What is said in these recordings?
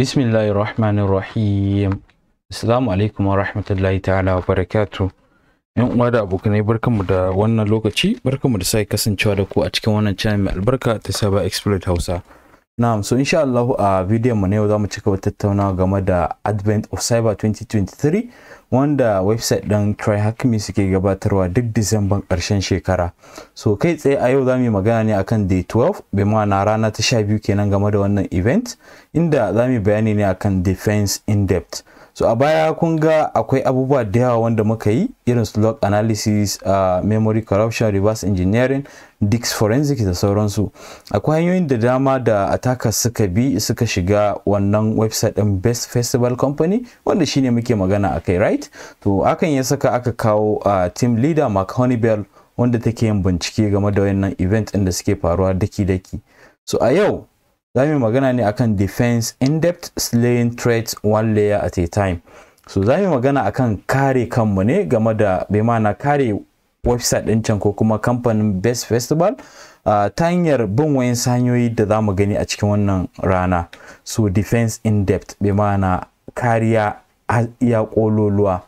Bismillahir Rahmanir Rahim. Assalamu alaikum wa rahmatullahi ta'ala wa barakatuh. Yan uwa da abokanai barkanmu da wannan lokaci, barkan mu da sake kasancewa da ku a cikin wannan channel mai albarka ta Saba Exploit Hausa. Na'am, so insha Allah a bidiyon mu ne za mu cika tattauna game da Advent of Cyber 2023 wanda website ɗin Try Hack Me suke gabatarwa duk Disamban karshen shekara. So kai tsaye a yau za yi magana ne akan day 12 bai ma'ana rana ta 12 kenan game da wannan event inda za zamu bayani ne akan defense in depth. so a baya kun ga akwai abubuwa da yawa wanda muka yi irin su log analysis uh, memory corruption reverse engineering dix forensics da sauransu akwai hanyoyin da dama da attackers suka bi suka shiga wannan website din best festival company wanda shine muke magana a kai right to hakan ya saka aka kawo uh, team leader mark honeybell wanda take yin bincike game da wayannan event din da suke faruwa daki-daki so a yau za mu magana ne akan defense in-depth slaying threats one layer at a time so za mu magana akan kare kanmu ne game da bai mana kare website ɗin can ko kuma kamfanin best festival uh, ta hanyar bin wayan hanyoyi da za mu gani a cikin wannan rana so defense in depth bai mana kariya ya kololuwa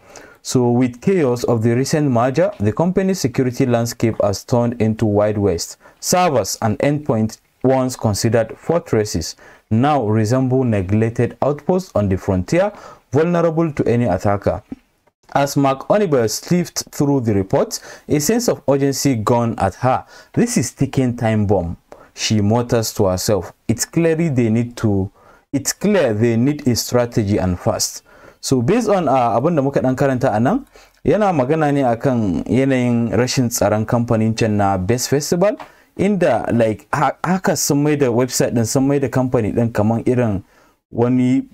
so with chaos of the recent merger the company's security landscape has turned into wide west servers and endpoint once considered fortresses now resemble neglected outposts on the frontier vulnerable to any attacker. As Mark Onibel slipped through the report, a sense of urgency gone at her. This is ticking time bomb, she mutters to herself. It's clearly they need to it's clear they need a strategy and fast. So based on uh, abin da muka dan karanta a yana magana ne akan yanayin rashin tsaron kamfanin can na Best Festival inda like haka sun mai da website din sun mai da company din kaman irin wani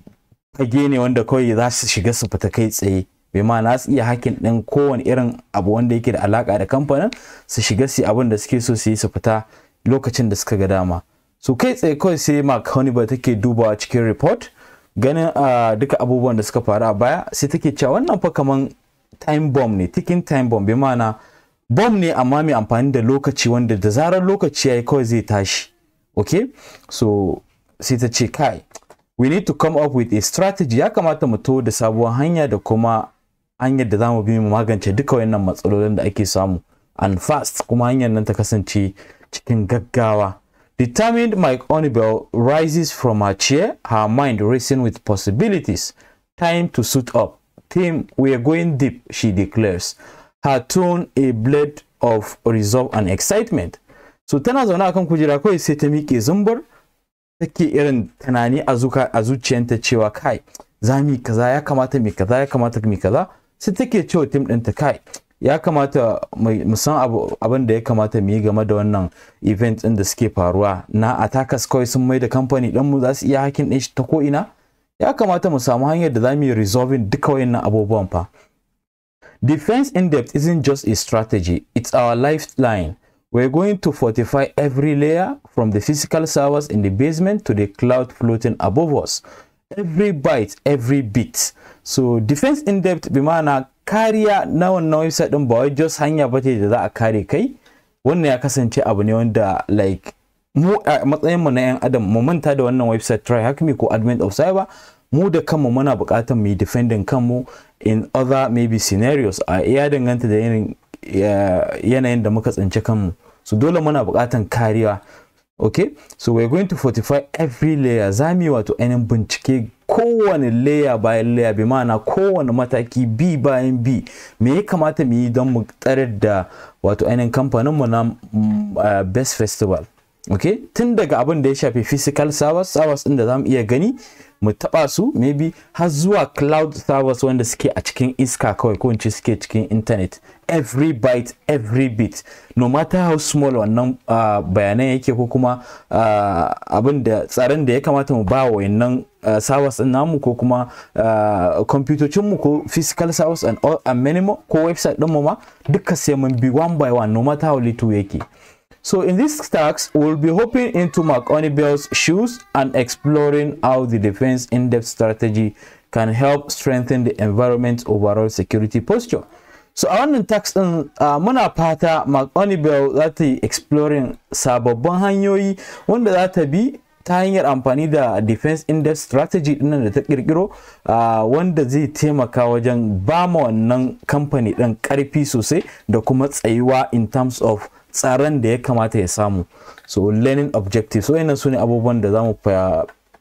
fage ne wanda kawai za su shiga su fita kai tsaye bai ma na su iya hakin din kowane irin abu wanda yake da alaka da kamfanin su shiga su abin da suke so su yi su fita lokacin da suka ga dama Su kai tsaye kawai sai mark ba take dubawa cikin report ganin ah, duka abubuwan da suka faru a baya sai take cewa wannan fa kaman time bomb ne ticking time bomb ma na. bom ne amma mai amfani da lokaci wanda da zarar lokaci ya yi kawai zai tashi okay so sai ta ce kai we need to come up with a strategy ya kamata mu to da sabuwar hanya da kuma hanyar da za mu bi mu magance duka wannan matsalolin da ake samu and fast kuma hanyar nan ta kasance cikin gaggawa determined mike onibel rises from her chair her mind racing with possibilities time to suit up team we are going deep she declares her tone a blade of resolve and excitement so tana zaune akan kujera kawai sai ta miƙe zumbar take irin tunani a zuciyanta cewa kai za mu kaza ya kamata mu kaza ya kamata mu kaza sai take cewa tim ɗinta kai ya kamata mu san abin da ya kamata mu yi game da wannan event ɗin da suke faruwa na attackers kawai sun mai da kamfani ɗinmu za su iya hakin ɗin shi ta ko ina ya kamata mu samu hanyar da za mu yi resolving duka wayannan abubuwan fa Defense in depth isn't just a strategy, it's our lifeline. We're going to fortify every layer from the physical servers in the basement to the cloud floating above us. Every byte, every bit. So defense in depth mana carrier kariya na wannan you din ba wai just hanya your da za a kare kai. Wannan ya kasance abu ne wanda like mu a matsayin mu na yan adam mu manta da wannan website try hack me ko admin of cyber mu da kanmu muna buƙatar mu yi defending kanmu in other maybe scenarios a iya danganta da yanayin da muka tsinci kanmu so dole muna buƙatar kariya okay so we're going to fortify every layer za wato ainihin bincike kowane layer bayan layer bi ma'ana kowane mataki b bayan b me ya kamata mu yi don mu tsarar da wato ainihin mu na eh, best festival okay tun daga abin da ya shafi physical service service din da zamu iya gani mu taba su maybe har zuwa cloud servers wanda suke a cikin iska kawai ko ince suke cikin internet every byte every bit no matter how small wannan uh, bayanan yake ko kuma uh, abin da tsaron da ya kamata mu ba wayannan uh, ah, servers din namu ko kuma kwamfutocin mu ko physical servers and all and many ko website din mu ma duka sai mun bi one by one no matter how little yake So in this task, we'll be hopping into Marconi Bell's shoes and exploring how the defense in-depth strategy can help strengthen the environment's overall security posture. So a wannan to din muna fata Marconi Bell za exploring sababbin hanyoyi wanda zata bi ta hanyar amfani da defense index strategy din da ta kirkiro wanda zai taimaka wajen ba ma wannan kamfani ɗin karfi sosai da kuma tsayuwa in terms of tsaron da ya kamata ya samu so learning objective so yana su ne abubuwan da za mu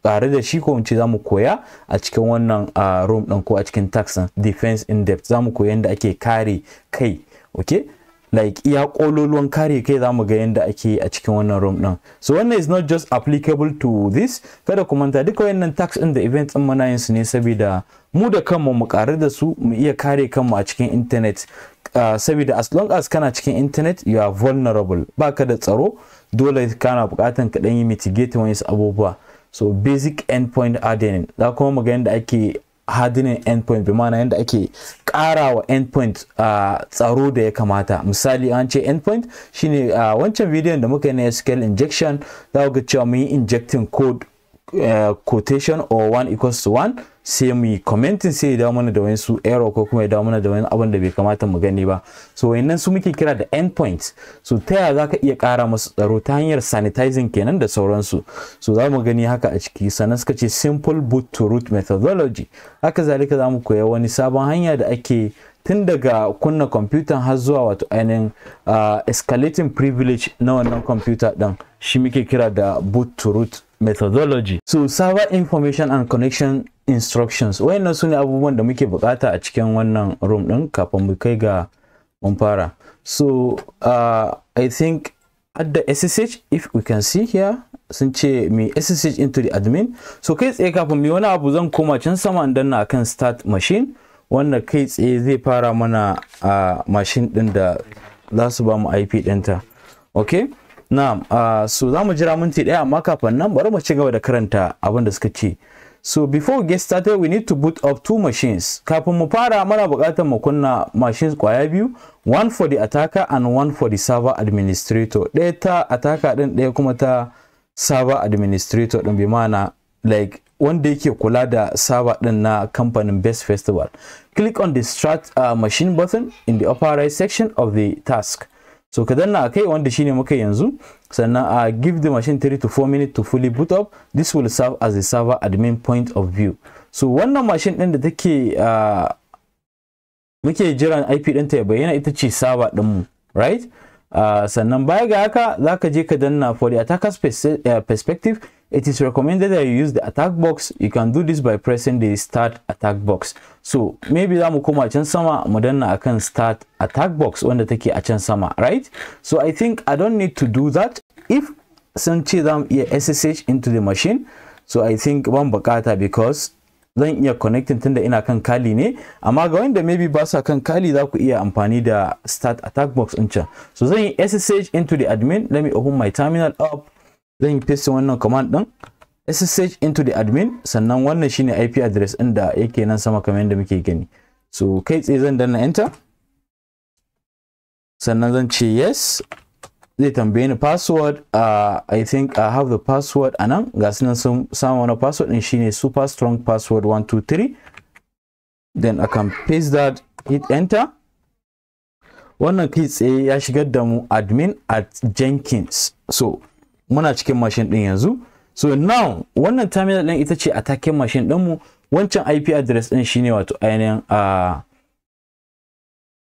tare da shi ko in za mu koya a cikin wannan room ɗin ko a cikin tax defense in depth za mu koya yadda ake kare kai okay like iya kololuwan kare kai zamu ga yadda ake a cikin wannan room ɗin so wannan is not just applicable to this kada ku manta duka wayannan tax in da events din muna yin su ne saboda mu da kanmu mu kare da su mu iya kare kanmu a cikin internet Ah, saboda as long as kana cikin internet you are vulnerable baka da tsaro dole kana bukatan ka yi mitigate wani abubuwa so basic endpoint hardening za kuma mu ga yadda ake hardening endpoint bi ma'ana yadda ake karawa endpoint ah, tsaro da ya kamata misali an ce endpoint shine ah, wancan bidiyon da muka yi na SQL injection za ga cewa mun yi injecting code Eh, quotation or one equals to one sai mu yi commenting sai ya dawo mana da wani su error ko kuma ya dawo mana da wani abin da bai kamata mu gani ba so wayannan su muke kira da end point so ta yaya zaka iya kara masu tsaro ta hanyar sanitizing kenan da sauransu so za mu gani haka a ciki sannan suka ce simple boot to root methodology haka zalika za mu koya wani sabon hanya da ake tun daga kunna computer har zuwa wato ainihin ah, escalating privilege na wannan computer ɗin shi muke kira da boot to root methodology so server information and connection instructions wayannan sune abubuwan da muke bukata a cikin wannan room din kafin mu kai ga mun fara so uh, i think at the ssh if we can see here sun ce me ssh into the admin so kai tsaye kafin me wani abu zan koma can sama in danna akan start machine wanda kai tsaye zai fara mana a uh, machine din da za su ba mu ip dinta okay na'am uh, so za mu jira minti ɗaya amma kafin nan bari mu ci gaba da karanta abin da suka ce so before we get started we need to boot up two machines kafin mu fara mana buƙatar mu kunna machines kwaya biyu one for the attacker and one for the server administrator ɗaya ta attacker ɗin ɗaya kuma ta server administrator ɗin bi mana like wanda yake kula da server ɗin na kamfanin best festival click on the start uh, machine button in the upper right section of the task so ka danna a kai wanda shine muka yanzu sannan a give the machine 3 to 4 minutes to fully boot up this will serve as a server admin point of view so wannan machine din da take muke jiran IP ɗinta ya bayyana ita ce server mu right sannan baya ga haka zaka je ka danna for the attacker eh, perspective it is recommended that you use the attack box you can do this by pressing the start attack box so maybe za mu koma can sama mu danna akan start attack box wanda take a can sama right so i think i don't need to do that if sun ce za iya ssh into the machine so i think ban bukata because zan iya connecting tunda ina kan kali ne amma ga wanda maybe ba sa kan kali za ku iya amfani da start attack box in can so zan yi ssh into the admin let me open my terminal up zan yi paste wannan command din ssh into the admin sannan wannan shine ip address din da yake nan sama kamar yadda muke gani so kai tsaye zan danna enter sannan zan ce yes zai tambaye ni password uh, i think i have the password anan ga su nan sun samu wani password din shine super strong password 123 then i can paste that hit enter wannan kai tsaye ya shigar da mu admin at jenkins so muna cikin mashin din yanzu so now wannan terminal din ita ce attacking mashin din mu wancan IP address din shine wato ainihin a ah,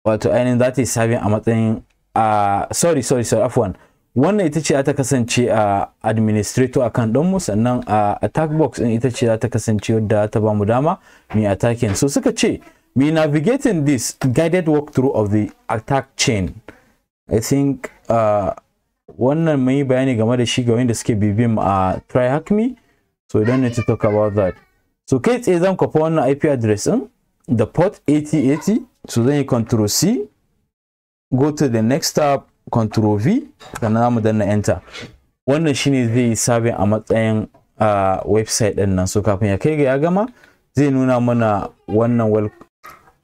wato ainihin za ta yi a matsayin ah, sorry sorry sorry afwan wannan ita ce ta kasance a administrator account mu sannan a attack box ɗin ita ce ta kasance wadda ta ba mu dama mai attacking so suka ce me navigating this guided walkthrough of the attack chain i think uh, wannan mai bayani game da shi ga wanda suke bibim a try hack me so we don't need to talk about that so kai tsaye zan kwafa wannan IP address din da port 8080 so zan yi control C go to the next tab control V sannan mu danna enter wannan shine zai yi sabin a matsayin ah, website din nan so kafin ya kai ga ya gama zai nuna mana wannan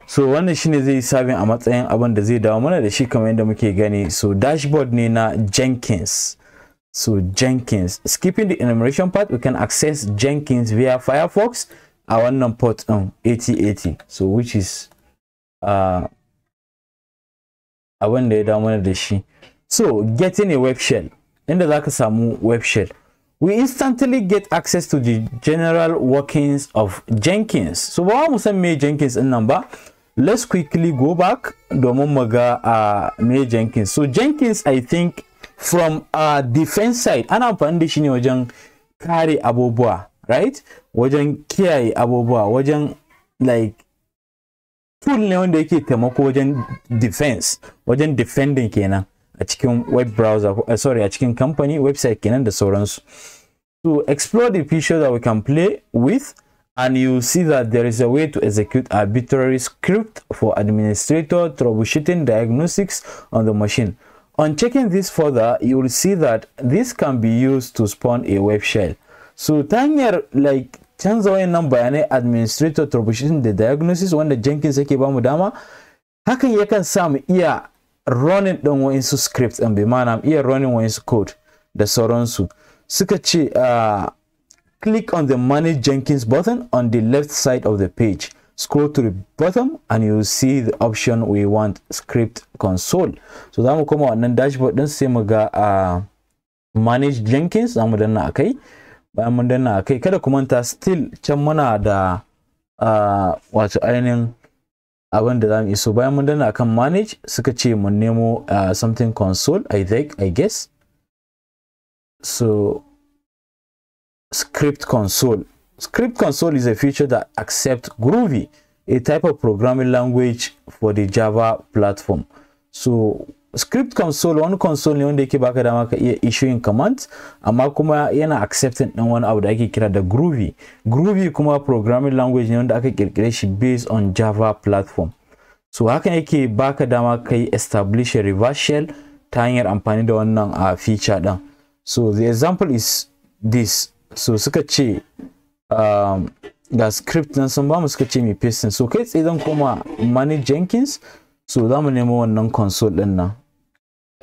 so wannan shine zai sabin a matsayin abin da zai dawo mana da shi kamar yadda muke gani so dashboard ne na jenkins so jenkins skipping the enumeration part we can access jenkins via firefox a wannan port din 8080 so which is uh, abin da ya dawo mana da shi so getting a web shell inda za ka samu web shell we instantly get access to the general workings of Jenkins. So ba mu san me Jenkins din nan ba. let's quickly go back domin mu ga a me jenkins so jenkins i think from a uh, defense side ana amfani da shi ne wajen kare abubuwa right wajen kiyaye abubuwa wajen like tool ne wanda yake taimako wajen defense wajen defending kenan a cikin web browser uh, sorry a cikin company website kenan da sauransu to explore the features that we can play with and you see that there is a way to execute arbitrary script for administrator troubleshooting diagnostics on the machine. On checking this further, you will see that this can be used to spawn a web shell. So ta hanyar like canza wayannan bayanai administrator troubleshooting the diagnosis wanda Jenkins yake bamu dama, hakan yakan sa mu iya running ɗin script scripts be man I'm iya running wayansu code da sauransu. suit. Sukachi uh, ah, click on the manage jenkins button on the left side of the page scroll to the bottom and you see the option we want script console so come koma wannan dashboard din sai my uh, ah, manage jenkins zamu danna akai i'm gonna okay kind kada kumanta still can muna da uh, wato ainihin i wonder zamu iso bayan mun dana akan manage sketchy ce mun nemo uh, something console i think i guess so script console script console is a feature that accepts groovy a type of programming language for the java platform so script console wani console ne wanda yake baka dama ka issuing commands amma kuma yana accepting dan wani abu da ake kira da groovy groovy kuma programming language ne wanda aka kirkire shi based on java platform so hakan yake baka dama ka yi establish a reverse shell ta hanyar amfani da wannan a ah, feature dan. so the example is this so suka ce um, ga script nan sun bamu suka ce mai pasting so kai tsaye zan koma mani jenkins so za mu nemo wannan console din nan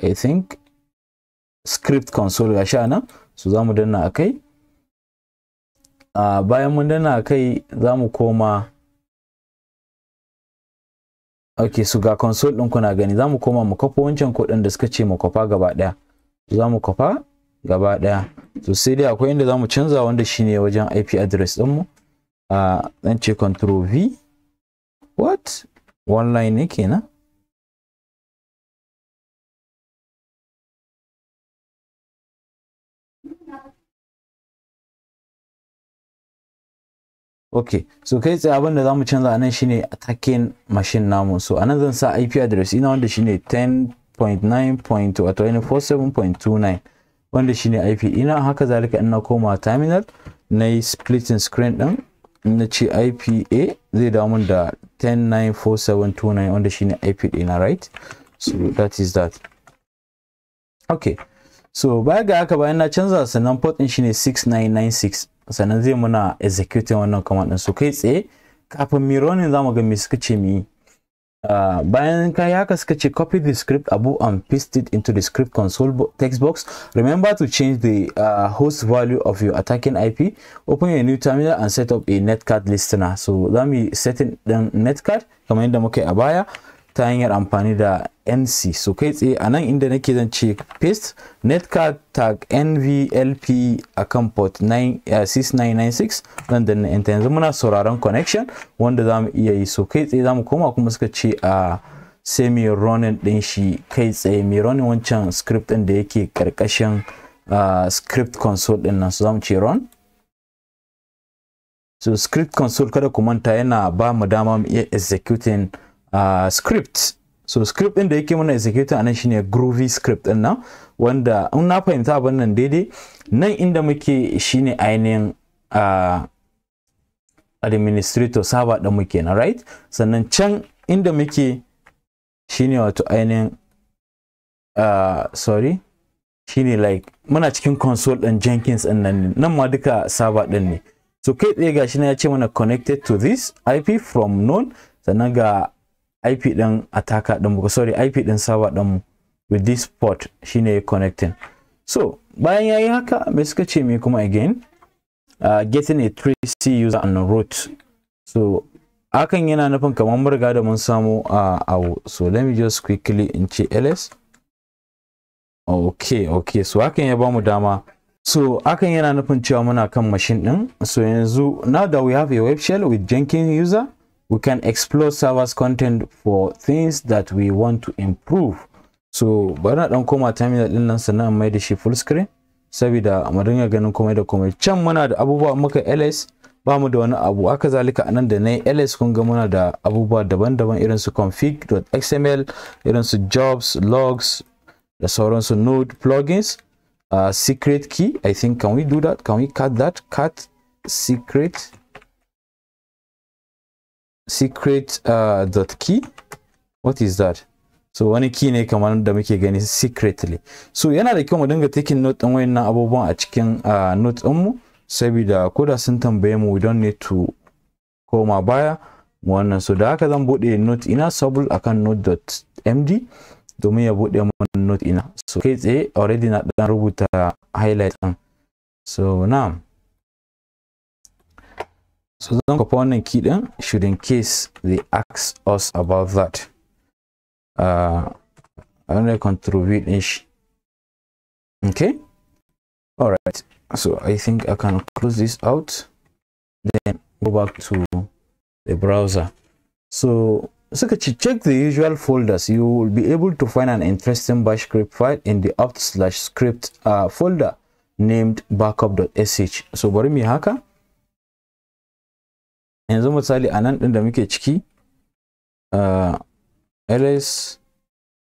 i think script console ga sha nan so za mu danna a kai bayan mun danna a kai za mu koma ok so ga console ɗin kuna gani za mu koma mu kafa wancan kuɗin da suka ce mu kwafa gaba ɗaya za mu kwafa gaba daya to sai dai akwai inda zamu canza wanda shine wajen IP address din mu a dan ce control V what one line ne kenan Okay, so kai tsaye abin da za mu canza anan shine attacking machine namu. So a nan zan sa IP address ina wanda shine 10.9.24.7.29. wanda shine IP ina haka zalika in na koma terminal na yi splitting screen din na ce IPA zai dawo mun da 10.94729 wanda shine IP ɗina right so that is that okay so baya ga haka bayan na canza sannan port din shine 6996 sannan zai muna executing wannan command din so kai tsaye kafin mi running zamu ga me suka ce mi Ah, bayan ka yi haka suka ce copy the script abu and paste it into the script console text box remember to change the uh, host value of your attacking ip open a new terminal and set up a netcard listener so za mu yi in the netcard kamar yadda muka yi a baya ta hanyar amfani da nc so kai tsaye a nan inda nake zan ce paste netcard tag nvlp akan port 6996 eh, zan danna enter yanzu muna sauraron connection wanda za mu iya yi so kai tsaye za mu koma kuma suka ce a semi mai din shi kai tsaye mai running wancan script din da yake karkashin script console din nan so za mu ce run so script console kada ku manta yana ba mu dama mu iya executing Uh, script so script din da yake mana executing anan shine groovy script din nan wanda in na fahimta abin nan daidai nan inda muke shine ainihin uh, administrator server din muke na right sannan can inda muke shine wato ainihin uh, sorry shine like muna cikin console ɗin Jenkins din nan nan ma duka server ɗin ne so kai tsaye gashi na ya ce mana connected to this IP from known sannan ga IP ɗin attacker ɗin mu sorry IP ɗin server ɗin mu with this port shine connecting so bayan yayi haka me suka ce me kuma again uh, getting a 3C user on root so hakan yana nufin kamar mun da mun samu a awo so let me just quickly in ce ls okay okay so hakan ya bamu dama so hakan yana nufin cewa muna kan machine din so yanzu now that we have a web shell with jenkins user we can explore server's content for things that we want to improve so bari na dan koma terminal din nan sannan mai da shi full screen saboda mu dinga ganin komai da komai can muna da abubuwa muka ls ba mu da wani abu haka zalika anan da nay ls kun ga muna da abubuwa daban-daban irin su config.xml irin su jobs logs da sauransu node plugins uh, secret key i think can we do that can we cut that cut secret secret uh, dot key what is that so wani key ne kamar da muke gani secretly so yana da kyau mu dinga taking note din wayannan abubuwan a cikin uh, note din mu saboda koda sun tambaye mu we don't need to koma baya wannan so da haka zan bude note ina sable akan note.md domin ya bude mun note ina so kai tsaye already na dan rubuta highlight din so now So zan kwafi key din should in case they ask us about that. Uh, I don't know contribute din Okay. All right. So I think I can close this out. Then go back to the browser. So so check the usual folders. You will be able to find an interesting bash script file in the apt slash script uh, folder named backup.sh. So bari me haka. yanzu misali a nan ɗin da muke ciki uh, ls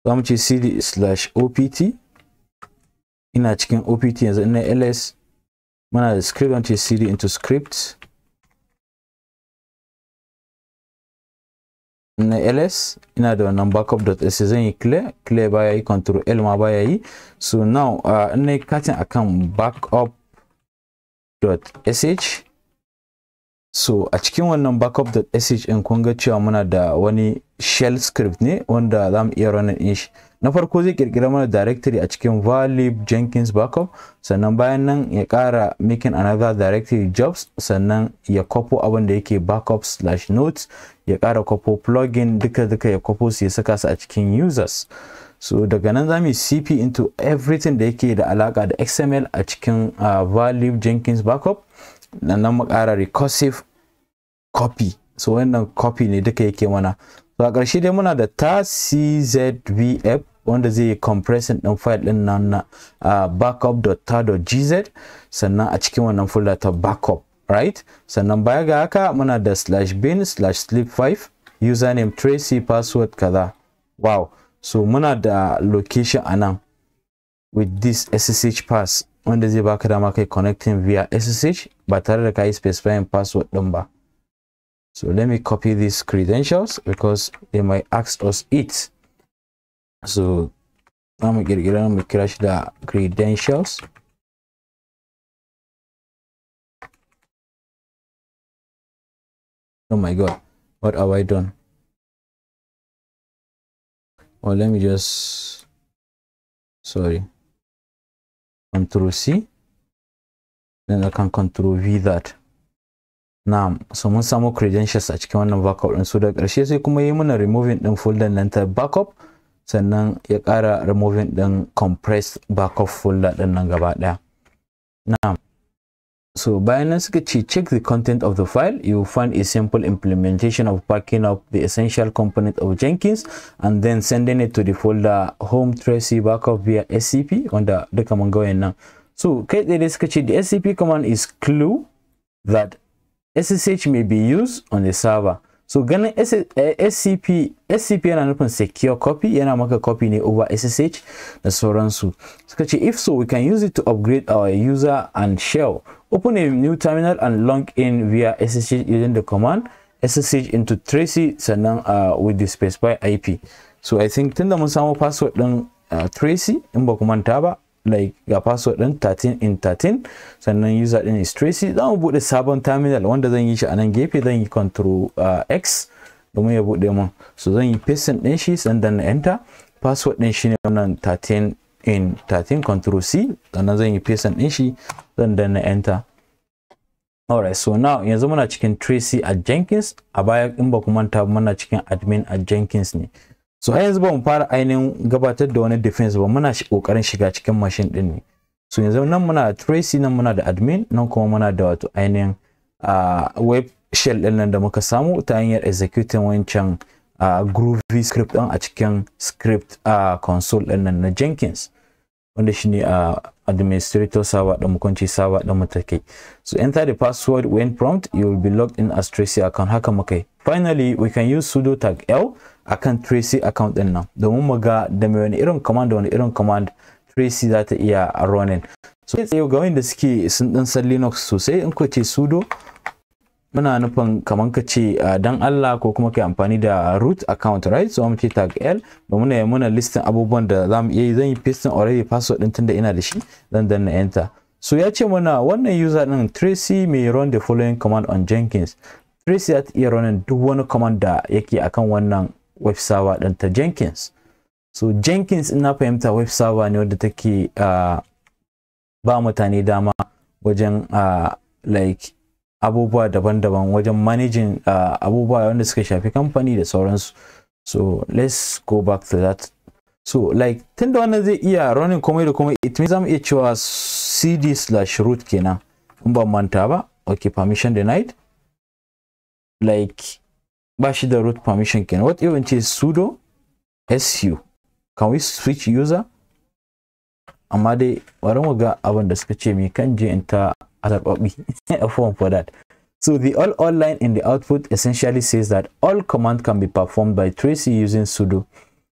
za mu ce cd slash opt ina cikin opt yanzu ina ls muna da script ce cd into script na ls ina da wannan backup.s zan yi clear clear baya yi control l ma baya yi so now uh, ina katin akan backup.sh so a cikin wannan SH in kun ga cewa muna da wani shell script ne wanda za mu iya running in shi na farko zai kirkira mana directory a cikin valib jenkins backup sannan bayan nan ya kara making another directory jobs sannan ya kwapo abin da yake backup slash notes ya kara kwapo plugin duka duka ya kwapo su ya saka su a cikin users so daga nan za mu cp into everything da yake da alaka da xml a cikin uh, ah, valib jenkins backup nan mu ƙara recursive copy so wannan copy ne duka yake mana so a ƙarshe dai muna da ta czvf wanda zai yi compressing ɗin file ɗin nan na uh, sannan a cikin wannan folder ta backup right sannan baya ga haka muna da slash bin slash sleep 5 username tracy password kaza wow so muna da location anan with this ssh pass wanda zai baka dama kai connecting via SSH ba tare da ka yi specifying password din ba. So let me copy these credentials because they might ask us it. So I'm going to crash the credentials. Oh my God, what have I done? Well, let me just, sorry. Control C then I can control V that now so mun samu credentials a cikin wannan backup din so da ƙarshe sai kuma yi mana removing din folder din ta backup sannan ya ƙara removing din compressed backup folder din nan gaba ɗaya. now So Binance she check the content of the file. You'll find a simple implementation of packing up the essential component of Jenkins and then sending it to the folder home tracy backup via SCP under the command going now. So Kate Kitchi, the SCP command is clue that SSH may be used on the server. so ganin scp eh, scp yana nufin secure copy yana maka copy ne over ssh da sauransu suka ce if so we can use it to upgrade our user and shell open a new terminal and log in via ssh using the command ssh into tracy sannan uh, with the specified ip so i think tunda mun samu password din uh, tracy in ba ku manta ba like ga password din 13 in 13 sannan user din is tracy za mu bude sabon terminal wanda zan yi shi a nan gefe zan yi control uh, x domin ya bude mun so zan yi paste din shi sannan na enter password din shine wannan 13 in 13 control c sannan zan yi paste din shi sannan na enter alright so now yanzu muna cikin tracy a jenkins a baya in ba ku manta muna cikin admin a jenkins ne so a yanzu ba mu fara ainihin gabatar da wani defense ba muna kokarin shiga cikin machine din ne so yanzu nan muna tracy nan muna da admin nan kuma muna da wato ainihin web shell din nan da muka samu ta hanyar executing wancan groovy script din a cikin script console din nan na jenkins wanda shine a uh, administrator server da mukunci server da mu take so enter the password when prompt you will be logged in as tracy account haka makai finally we can use sudo tag l akan tracy account din nan domin mu ga da mai wani irin command da wani irin command tracy za ta iya running so sai ga wanda suke sun dan san linux sosai in ko ce sudo muna nufin kamar ka ce don Allah ko kuma ka yi amfani da root account right so mu ce tag l domin yi muna listin abubuwan da za mu iya yi zan yi pasting already password din tunda ina da shi zan danna enter so ya ce muna wannan user din Tracy may run the following command on Jenkins Tracy at iya running duk wani command da yake akan wannan web server din ta Jenkins so Jenkins ina fahimta web server ne wadda take ba mutane dama wajen like abubuwa daban-daban wajen managing uh, abubuwa wanda suka shafi kamfani da sauransu so let's go back to that so like tunda wannan zai iya running komai da komai it means iya cewa cd slash root kenan in ban manta ba okay permission denied like ba shi da root permission kenan what even ce sudo su can we switch user amma dai bari mu ga abin suka ce me kan je in ta out of a form for that. So the all online line in the output essentially says that all command can be performed by Tracy using sudo.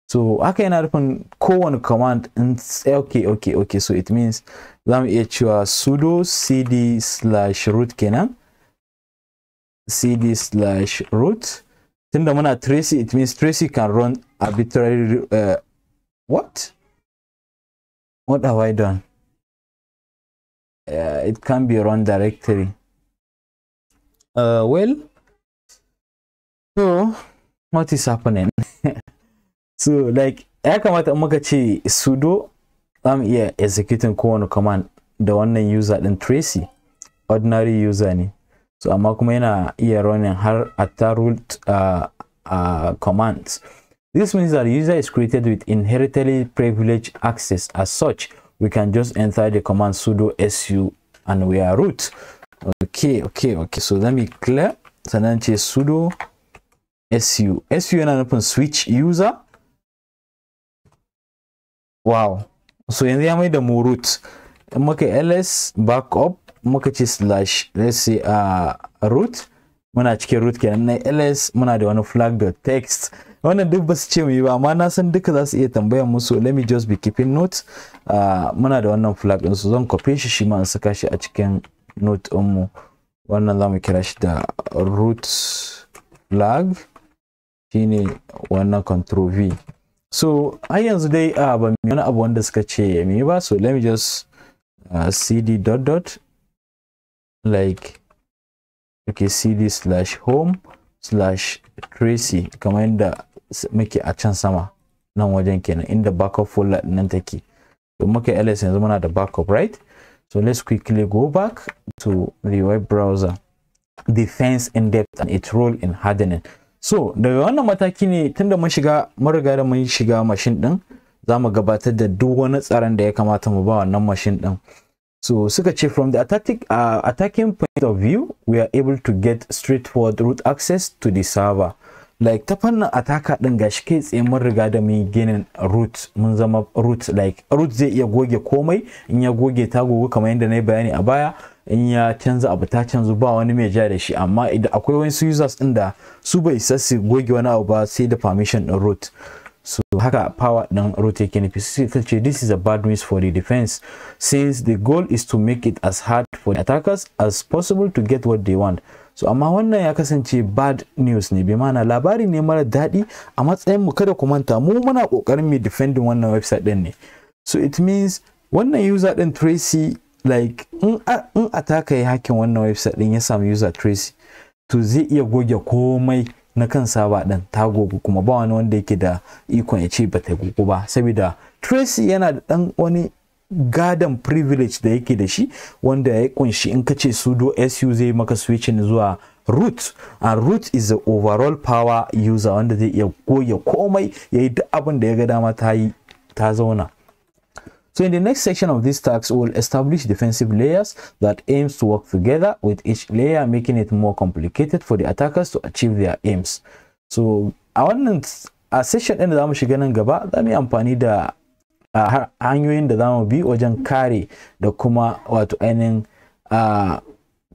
So I can open colon command and say okay okay okay. So it means let me your sudo cd slash root kenan cd slash root. Then the one Tracy it means Tracy can run arbitrary uh, what? What have I done? Uh, it can be run Uh, well so what is happening so like ya kamata in muka ce sudo za iya executing kowane command da wannan user din tracy ordinary user ne so amma kuma yana iya running har atta root uh, uh, commands this means that user is created with inherently privileged access as such we can just enter the command sudo su and we are root okay okay okay so let me clear So then say sudo su su yana open switch user wow so in the way the more root in ls backup okay ce slash let's say uh, root i check root Can I ls muna da flag. The text wannan duk basu su ce mai ba amma na san duka za su iya tambayan musu let me just be keeping note ah, muna da wannan flag din su zan copy shi shi ma in saka shi a cikin note din mu wannan zamu kira shi da root flag shine wannan control v so har yanzu dai ah, ba mai wani abu wanda suka ce mai ba so let me just uh, cd dot dot like okay cd slash home slash tracy kamar yadda muke a can sama nan wajen kenan inda backup folder nan take to muke ls yanzu muna da backup right so let's quickly go back to the web browser defense in depth and its role in hardening so daga wannan mataki ne tunda mun shiga mun riga da mun shiga mashin din zamu gabatar da duk wani tsaron da ya kamata mu ba wannan mashin din So suka ce from the attack, uh, attacking point of view, we are able to get straightforward root access to the server. like ta fannin ataka din gashi kai tsaye mun riga da mun ginin root mun zama root like root zai iya goge komai in ya goge ta gogo kamar yadda na yi bayani a baya in ya canza abu ta canzu ba wani mai ja da shi amma idan akwai wani users din da su bai isa goge wani abu ba sai da permission din root so haka power din root yake nufi ta ce this is a bad news for the defense since the goal is to make it as hard for the attackers as possible to get what they want so amma wannan ya kasance bad news ne bi mana labari ne mara daɗi a matsayin mu kada ku manta mu muna ƙoƙarin mai defending wannan website ɗin ne so it means wannan user ɗin Tracy like in a taka yi hakin wannan website ɗin ya samu user Tracy to zai iya goge komai na kan saba ɗin ta gogu kuma ba wani wanda yake da ikon ya ce ba ta gogu ba saboda Tracy yana da ɗan wani gadon privilege da yake da shi wanda ya kunshi in ka ce sudo su zai maka switching zuwa root and root is the overall power user wanda zai iya goge komai ya yi duk abin da ya ga dama ta yi ta zauna So in the next section of this we we'll establish defensive layers that aims to work together with each layer, making it more complicated for the attackers to achieve their aims. So a wannan a session ɗin da za mu shiga nan gaba za mu yi amfani da hanyoyin da zamu bi wajen kare da kuma wato ainihin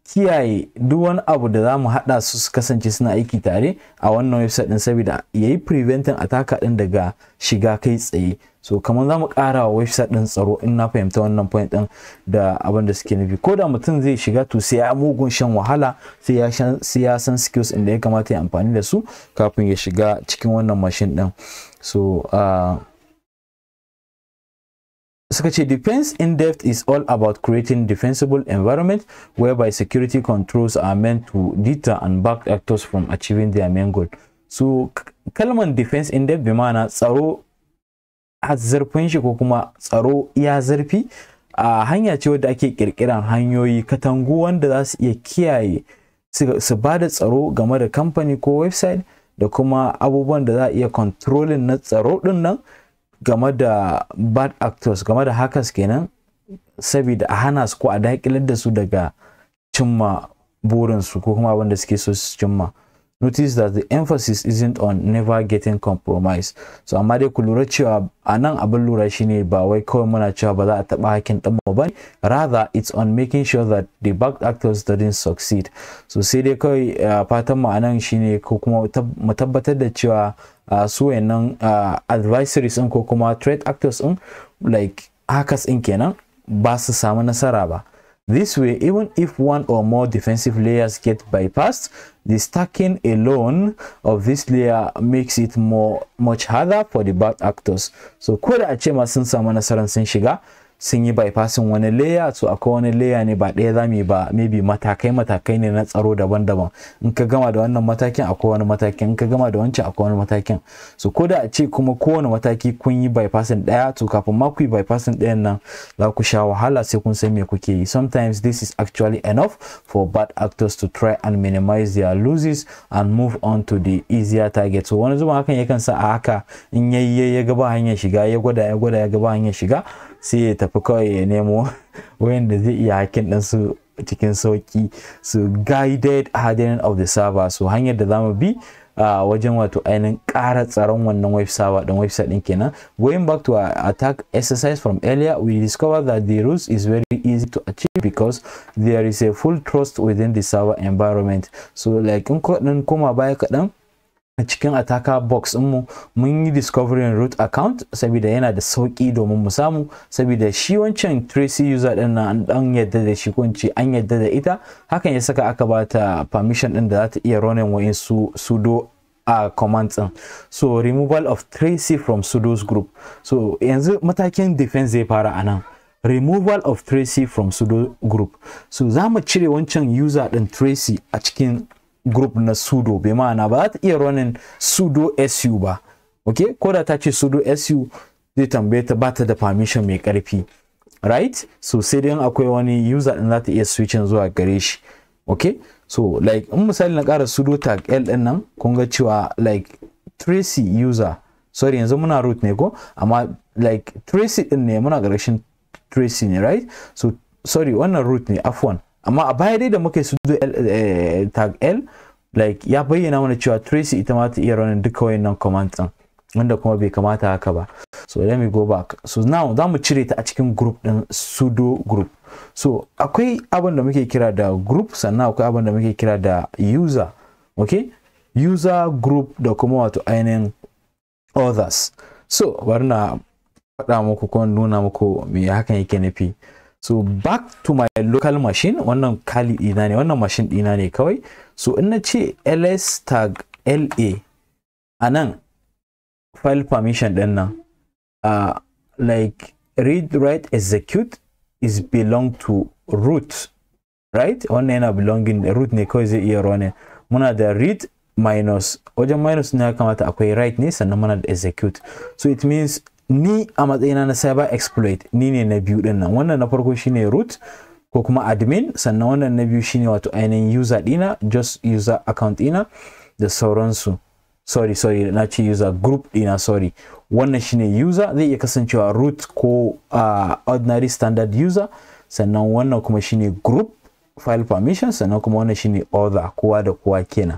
kiyaye duk wani abu da za mu haɗa su su kasance suna aiki tare a wannan website ɗin saboda ya yi preventing attack ɗin daga shiga kai tsaye so kamar zamu mu ƙara wa website ɗin tsaro in na fahimta wannan point ɗin da abin da suke nufi ko da mutum zai shiga to sai ya mugun shan wahala sai ya sai ya san skills ɗin da ya kamata ya amfani da su kafin ya shiga cikin wannan machine ɗin so uh, suka ce defense in depth is all about creating defensible environment whereby security controls are meant to deter and back actors from achieving their main goal so kalman defense in depth bimana tsaro a zarfin shi ko kuma tsaro ya zarfi a hanya ce wadda ake kirkiran hanyoyi katangu wanda za su iya kiyaye su ba da tsaro game da kamfani ko website da kuma abubuwan da za a iya controlling na tsaro din nan game da bad actors game da hakas kenan saboda a hana su ko a daƙilar da su daga cimma burinsu ko kuma wanda suke so su cimma notice that the emphasis isn't on never getting compromise. so amma dai ku lura cewa a nan abin lura shine ba wai kawai muna cewa ba za a taɓa hakin ɗan ba rather it's on making sure that the bad actors didn't succeed so sai dai kawai eh, fatan mu a nan shine ko kuma mu tabbatar da cewa Ah, su wayannan ah, advisories din ko kuma trade actors din like hackers din kenan ba su samu nasara ba This way, even if one or more defensive layers get bypassed, the stacking alone of this layer makes it more much harder for the bad actors. So ko da a ce ma sun samu nasarar sun shiga, sun yi bypassing wani layer to akwai wani layer ne ba ɗaya za mu ba maybe matakai matakai ne na tsaro daban-daban in ka gama da wannan matakin akwai wani matakin in ka gama da wancan akwai wani matakin so ko da a ce kuma kowane mataki kun yi bypassing ɗaya to kafin ma ku yi bypassing ɗayan nan za ku sha wahala sai kun san me kuke yi sometimes this is actually enough for bad actors to try and minimize their losses and move on to the easier target so wani zuma hakan yakan sa a haka in yayi ya gaba hanyar shiga ya gwada ya gwada ya gaba hanyar shiga sai ya tafi kawai ya nemo wayanda zai iya hakin su cikin sauki su guided hardening of the server so hanyar da zamu bi a wajen wato ainihin ƙara tsaron wannan web server din website ɗin kenan going back to our attack exercise from earlier we discover that the rules is very easy to achieve because there is a full trust within the server environment so like in kuma baya kaɗan a cikin ataka box mu mun yi discovering root account saboda yana da sauki domin mu samu saboda shi wancan tracy user din na an yadda da shi kunci an yadda da ita hakan ya saka aka bata permission din da za ta iya running wa su sudo a commands din so removal of tracy from sudo's group so yanzu matakin defense zai fara anan removal of tracy from sudo group so za mu cire wancan user din tracy a cikin group na sudo bai ma'ana ba za ta iya running sudo su ba ok ko da ta ce sudo su zai tambaye ta bata da permission mai karfi right so sai dai akwai wani user din za ta iya switching zuwa gare shi okay so like in misali na ƙara sudo tag l din nan kun ga cewa like tracy user sorry yanzu muna root ne ko amma like tracy din ne muna garashin tracy ne right so sorry wannan root ne afwan amma a baya dai da muka yi su eh, tag l like ya bayyana mana cewa tracy ita ma ta iya running duka nan commands din wanda kuma bai kamata haka ba so let me go back so now za mu cire ta a cikin group din sudo group so akwai abin da muke kira da group sannan akwai abin da muke kira da user okay user group da kuma wato ainihin others so bari na faɗa muku ko nuna muku me hakan yake nufi so back to my local machine wannan kali dina ne wannan machine dina ne kawai so in na ce ls tag la anan file permission din nan uh, like read write execute is belong to root right wannan yana belonging root ne kawai zai iya rone muna da read minus wajen minus ne ya kamata akwai write ne sannan muna da execute so it means ni a matsayina na cyber exploit ni ne na biyu din nan wannan na farko shine root ko kuma admin sannan wannan na biyu shine wato ainihin user dina just user account dina da sauransu sorry sorry na ce user group dina sorry wannan shine user zai iya kasancewa root ko uh, ordinary standard user sannan wannan kuma shine group file permission sannan kuma wannan shine other kowa da kowa kenan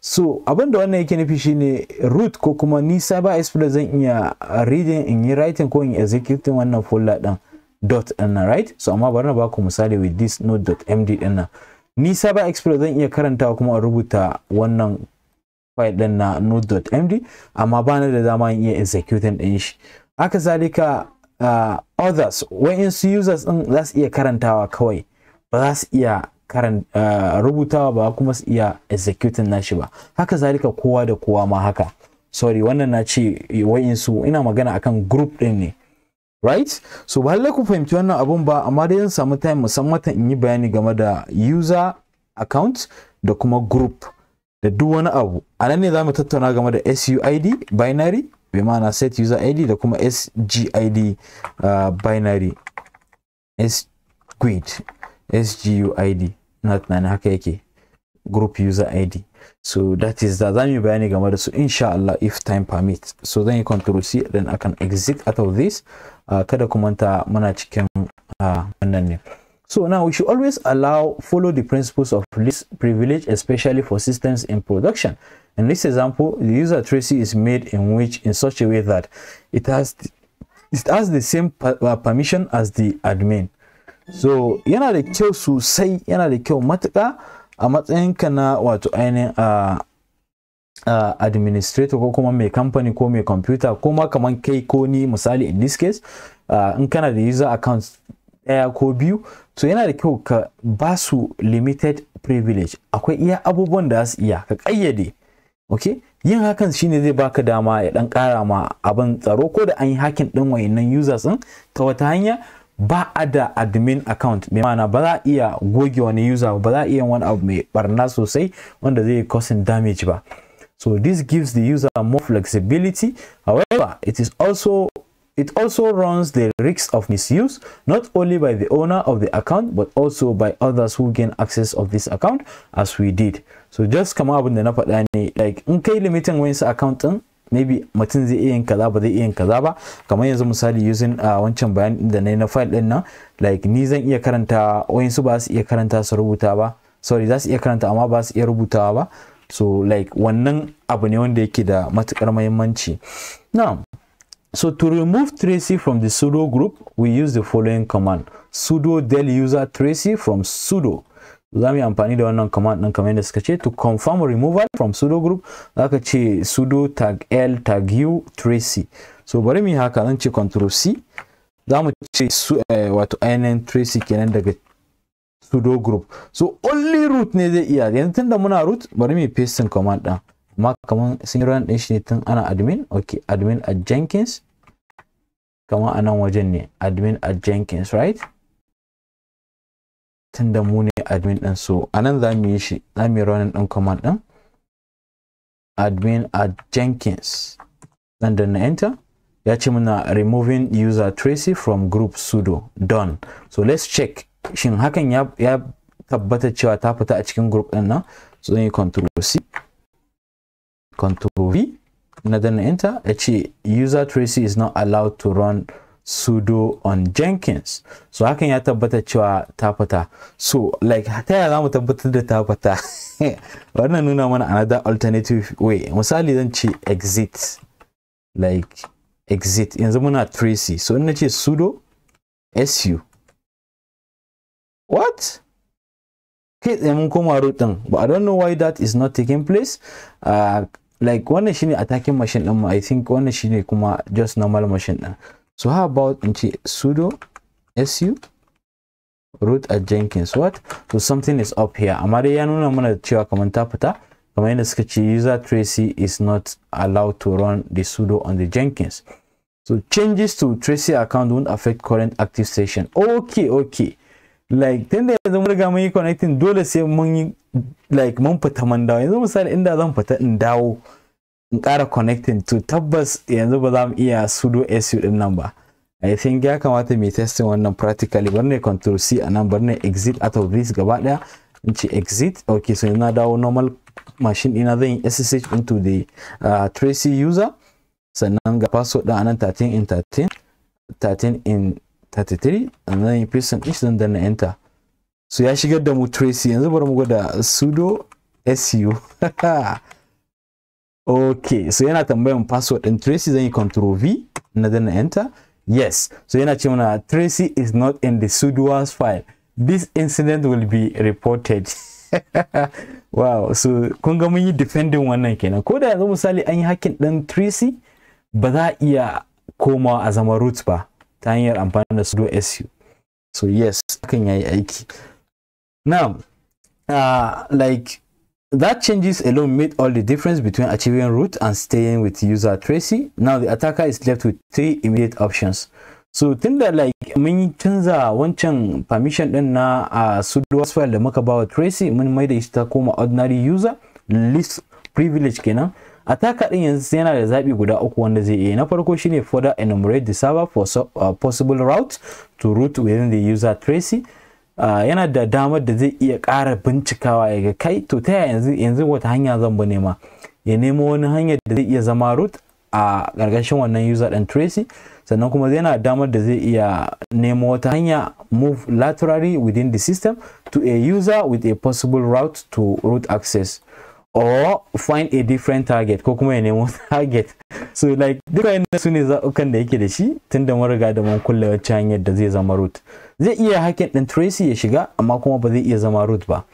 so abinda da wannan yake nufi shine root ko kuma nisa ba da zan iya reading in yi writing ko in executing wannan folder din dot din right so amma bari na baku misali with this dot din nan nisa ba explorer zan iya karantawa kuma rubuta wannan file din na md, amma ba na da dama in iya executing din shi haka zalika uh, others wa'insu users din za su iya karantawa kawai ba za su iya karan eh, rubutawa ba kuma su iya executing nashi ba haka zalika kowa da kowa ma haka sorry wannan na ce wa'insu ina magana akan group din ne right so ba ku fahimci wannan abun ba amma dai zan samu time musamman in yi bayani game da user account da kuma group da duk wani abu a nan ne za mu tattauna game da suid binary bai ma'ana set user id da kuma sgid uh, eh, binary squid sguid Not tunanin haka group user id so that is the zan yi bayani game da su if time permits so then you control c then i can exit out of this uh, kada ku manta muna cikin ah, so now we should always allow follow the principles of least privilege especially for systems in production in this example the user tracy is made in which in such a way that it has it has the same ah, permission as the admin so yana da kyau sosai yana da kyau matuka a matsayinka na wato ainihin a administrator ko kuma mai kamfani ko mai computer ko ma kamar kai ko ni misali in this case in kana da user account ɗaya ko biyu so yana da kyau ka ba su limited privilege akwai iya abubuwan da su iya ka kayyade ok yin hakan shine zai baka dama ya dan kara ma abin tsaro ko da an yi hakin ɗin wayannan users ɗin ta wata hanya ba ada admin account me mana bala za a iya goge wani user bala za a iya wani abu say barna sosai wanda zai causing damage ba so this gives the user more flexibility however it is also it also runs the risk of misuse not only by the owner of the account but also by others who gain access of this account as we did so just come up with the faɗa like in limiting wins account maybe mutum zai iya yin kaza ba zai iya yin kaza ba kamar yanzu misali using a ah, wancan bayan da na na file din nan like ni zan iya karanta wayansu ba su iya karanta su rubuta ba sorry za su iya karanta amma ba su iya rubutawa ba so like wannan abu ne wanda yake da matukar muhimmanci now so to remove tracy from the sudo group we use the following command sudo del user tracy from sudo za mu yi amfani da wannan command ɗin kamar yadda suka ce to confirm removal from sudo group za ka ce sudo tag l tag u tracy so bari mu yi haka zan ce control c za mu ce eh, wato ainihin tracy kenan daga sudo group so only root ne zai iya yanzu tunda muna root bari mu paste pasting command ɗin amma kamar sun run ɗin shi ne tun ana admin okay, admin at jenkins kamar a wajen ne admin at jenkins right tun da mu ne admin ɗin so a nan za mu yi shi za mu yi running ɗin command ɗin admin at jenkins zan danna enter ya ce muna removing user tracy from group sudo don so let's check shin hakan ya, ya tabbata cewa ta fita a cikin group ɗin nan so zan yi control c control v na danna enter ya user tracy is not allowed to run sudo on jenkins so hakan ya tabbata cewa ta fita so like ta yaya zamu tabbatar da ta fita wannan nuna mana another alternative way misali zan ce exit like exit yanzu muna tracy so in ce sudo su what kai tsaye mun koma rutin but i don't know why that is not taking place uh, like wannan shine attacking machine din mu i think wannan shine kuma just normal machine din so how about in sudo su root at jenkins what so something is up here amma dai ya nuna mana cewa kamar ta fita kamar yanda suka ce user tracy is not allowed to run the sudo on the jenkins so changes to tracy account won't affect current active session okay okay like tunda yanzu mun riga mun yi connecting dole sai mun yi like mun fita mun dawo yanzu misali inda zan fita in dawo in ƙara connecting to tabbas yanzu ba za mu iya sudo su din nan ba i think ya kamata mai testing wannan practically bar ne control c a nan bar ne exit out of this gaba daya in ce exit ok so na dawo normal machine ina zan yi ssh into the uh, tracy user sannan ga password din anan 13 in 13 13 in 33 and then person each then then enter so ya shigar da mu tracy yanzu bar mu gwada sudo su ok so yana tambayan password din tracy zan yi control v na danna enter yes so yana ce mana tracy is not in the sudoers file this incident will be reported wow so kun ga mun yi defending wannan kenan ko da yanzu misali an yi hacking ɗan tracy ba za a iya komawa a zama root ba ta hanyar amfani da sudo su so yes hakan ya aiki now uh, like That changes alone made all the difference between achieving root and staying with user Tracy. Now the attacker is left with three immediate options. So that like mun canza wancan permission din na a uh, sudo password da muka bawa Tracy mun maida shi ta koma ordinary user list privilege kenan. Attacker din yanzu yana da zabi guda uku wanda zai yi Na farko shine further enumerate the server for so, uh, possible route to root within the user Tracy. Ah, yana da damar da zai iya ƙara bincikawa ya ga kai to ta yanzu yanzu wata hanya zan bi nema ya nemo wani hanyar da zai iya zama root a ƙarƙashin wannan user ɗin tracy sannan kuma yana damar da zai iya nemo wata hanya move laterally within the system to a user with a possible route to root access or find a different target ko kuma ya nemo target so like duka yana su ne zaɓukan da yake da shi tun da mun riga da mun kulle wacce hanyar da zai zama root zai iya hakin ɗin tracy ya shiga amma kuma ba zai iya zama root ba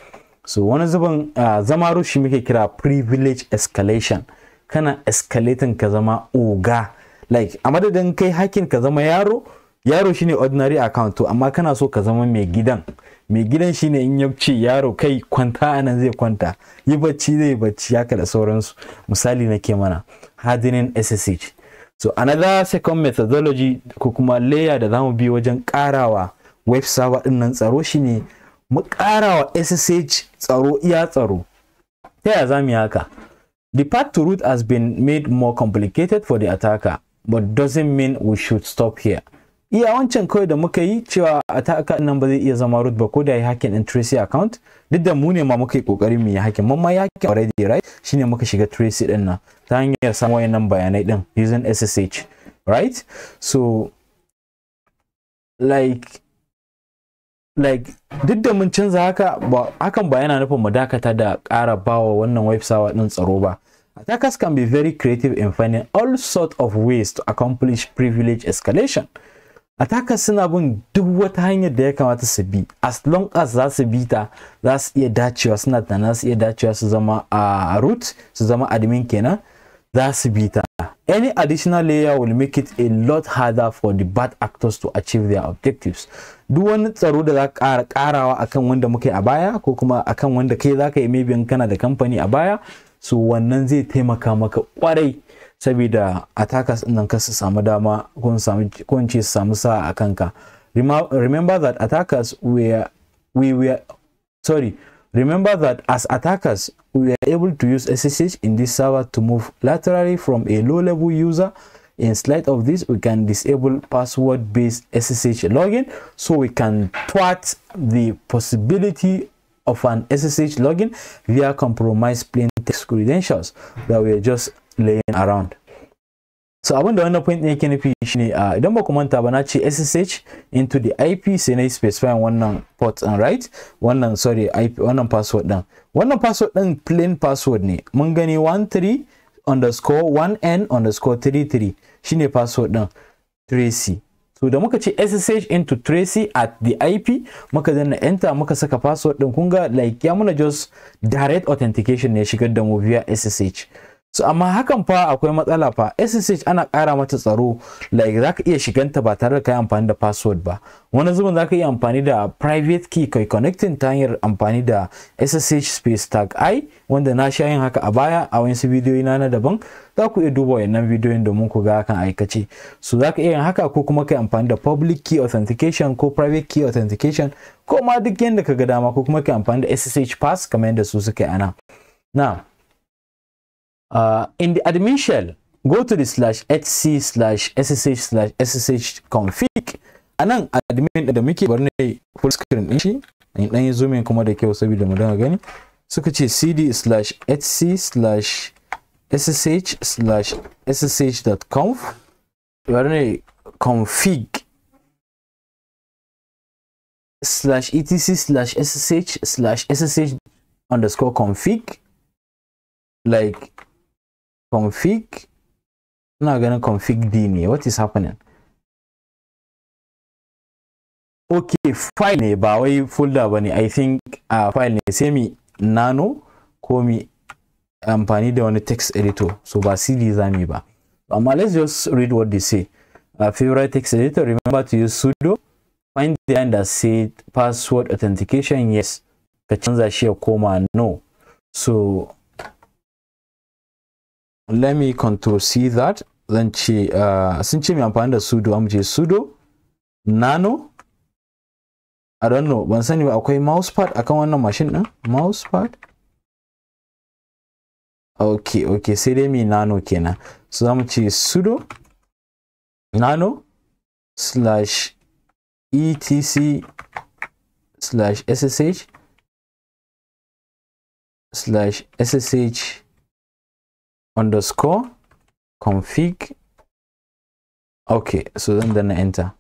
so wani zuban zama root shi muke kira privilege escalation kana escalating ka zama oga like a madadin kai hakin ka zama yaro yaro shine ordinary account to amma kana so ka zama mai gidan mai gidan shine in ya ce yaro kai kwanta anan zai kwanta yi bacci zai bacci haka da sauransu misali na ke mana hardening ssh so another second methodology ko kuma layer da zamu bi wajen karawa web server din nan tsaro shine mu karawa SSH tsaro iya tsaro ta yaya za mu yi haka the path to root has been made more complicated for the attacker but doesn't mean we should stop here iya wancan kawai da muka yi cewa attacker nan ba zai iya zama root ba ko da ya hacking in tracy account duk da mu ne ma muka yi kokari mu yi hacking mun ma ya hacking already right shine muka shiga tracy din nan ta hanyar samun wayannan bayanai din using SSH right so like like duk da mun canza haka ba hakan ba yana nufin mu dakata da ƙara bawa wannan websawa din tsaro ba attackers can be very creative in finding all sort of ways to accomplish privilege escalation attackers suna bin duk wata hanyar da ya kamata su bi as long as za su bi ta za su iya dacewa suna da za iya dacewa su zama a ah, root su zama admin kenan za su any additional layer will make it a lot harder for the bad actors to achieve their objectives duk wani tsaro da za ka karawa akan wanda muke a baya ko kuma akan wanda kai za ka yi maybe kana da kamfani a baya so wannan zai taimaka maka kwarai saboda attackers nan ka su samu dama ko su samu sa'a a kanka remember that attackers were we were sorry Remember that as attackers, we were able to use SSH in this server to move laterally from a low-level user. In spite of this, we can disable password-based SSH login so we can thwart the possibility of an SSH login via compromised plain text credentials that we are just laying around. so abin da wannan point ne yake nufi shine a ah, idan ba ku manta ba na ce ssh into the ip sai na specify wannan port and right wannan sorry ip wannan password din wannan password din plain password ne mun gani 13 underscore 1n underscore 33 shine password din tracy so da muka ce ssh into tracy at the ip muka zanna enter muka saka password din kun ga like ya muna just direct authentication ne shigar da mu via ssh so amma hakan fa akwai matsala fa ssh ana kara mata tsaro like za ka iya shiganta ba tare da ka yi amfani da password ba wani zubin za ka iya amfani da private key kai connecting ta hanyar amfani da ssh space tag i wanda na sha yin haka a baya a wasu bidiyoyi na na daban za ku iya duba wayannan bidiyoyin domin ku ga hakan aikace so za ka iya yin haka ko kuma kai amfani da public key authentication ko private key authentication ko ma duk yadda ka ga dama ko kuma kai amfani da ssh pass kamar yadda su suka yi ana na Uh, in the admin shell, go to the slash hc slash ssh slash ssh config. and then admin da muke bari ne full screen in shi, in ɗan yi in kuma da kyau saboda mu dana gani. Suka ce cd slash hc slash ssh slash ssh.conf dot ne config slash etc slash ssh slash ssh underscore config like config ina ganin config d ne what is happening Okay, file ne ba wai folder ba ne i think uh, file ne sai mi nano ko mi amfani da wani text editor so ba cd za mu ba amma let's just read what they say uh, favorite text editor remember to use sudo find the line that said password authentication yes ka canza shi ya koma no so let me control c that zan ce uh, sun ce mai amfani da sudo amma ce sudo nano i don't know ban sani ba akwai mouse pad akan wannan machine din mouse pad okay okay sai dai mai nano kenan so zamu ce sudo nano slash etc slash ssh slash ssh underscore config okay so zan danna enter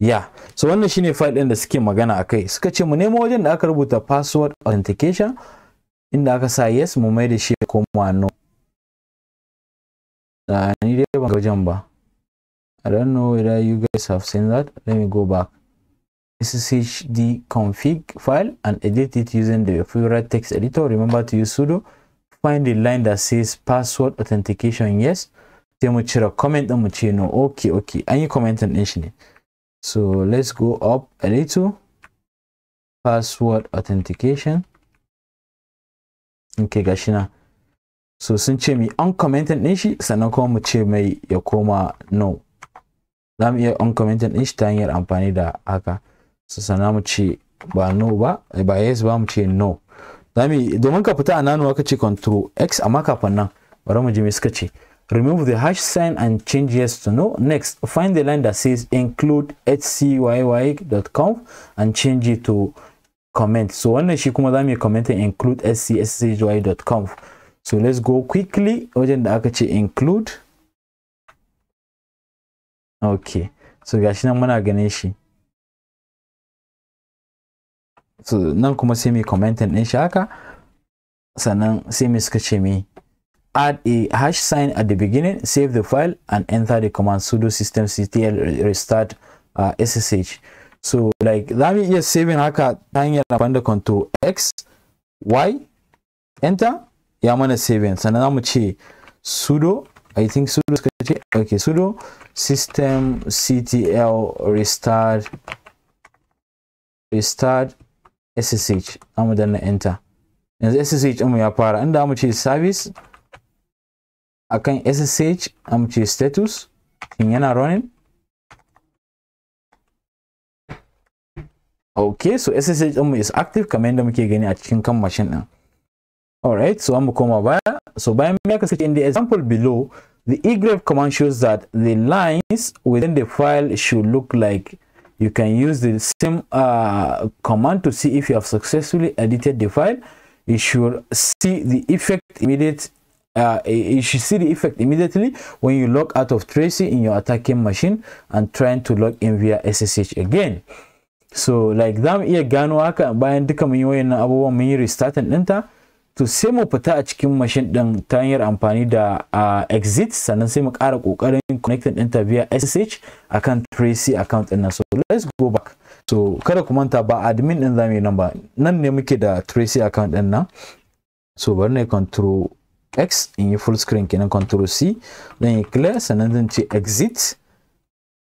yeah so wannan shine file din da suke magana akai suka ce mu nemo wajen da aka rubuta password authentication inda aka sa yes mu mai da shi koma no uh, ni dai ban wajen ba i don't know whether you guys have seen that let me go back sshd config file and edit it using the favorite text editor remember to use sudo find the line that says password authentication yes sai mu cire comment din mu ce no okay okay an yi comment din shi ne so let's go up a little password authentication okay gashi na so sun ce mi comment din shi sannan kuma mu ce mai ya koma no za mu iya comment din shi ta hanyar amfani da haka so sannan mu ce ba no ba ba yes ba mu ce no zami domin ka fita a nano ka ce control x amma kafin nan bari mu ji me suka ce remove the hash sign and change yes to no next find the line that says include hcyy.conf and change it to comment so wannan shi kuma zami comment yi include hcschy.conf so let's go quickly wajen da aka ce include okay so gashi nan muna ganin shi so nan kuma sai mai commenting din shi haka sannan sai mai suka ce mai add a hash sign at the beginning save the file and enter the command sudo system ctl restart uh, ssh so like za mu iya saving haka ta hanyar amfani da control x y enter ya mana saving sannan za mu ce sudo i think sudo suka ce okay sudo system ctl restart restart ssh za mu danna enter yanzu ssh mu ya fara inda mu ce service akan ssh mu ce status shin yana running okay so ssh mu is active kamar yadda muke gani a cikin kan machine din alright so mu koma baya so bayan ya kasance in the example below the egrep command shows that the lines within the file should look like you can use the same uh, command to see if you have successfully edited the file you should see the effect immediate uh, you should see the effect immediately when you log out of Tracy in your attacking machine and trying to log in via SSH again so like that, you can work. bayan the mun yi wayannan abubuwan restart and enter. to sai mu fita a cikin mashin din ta hanyar amfani da exit sannan sai mu ƙara ƙoƙarin connecting ta via ssh akan tracy account din so let's go back so kada ku manta ba admin ɗin zamu yi nan ba nan ne muke da tracy account din nan so bari na control x in yi full screen kenan control c zan yi clear sannan zan ce exit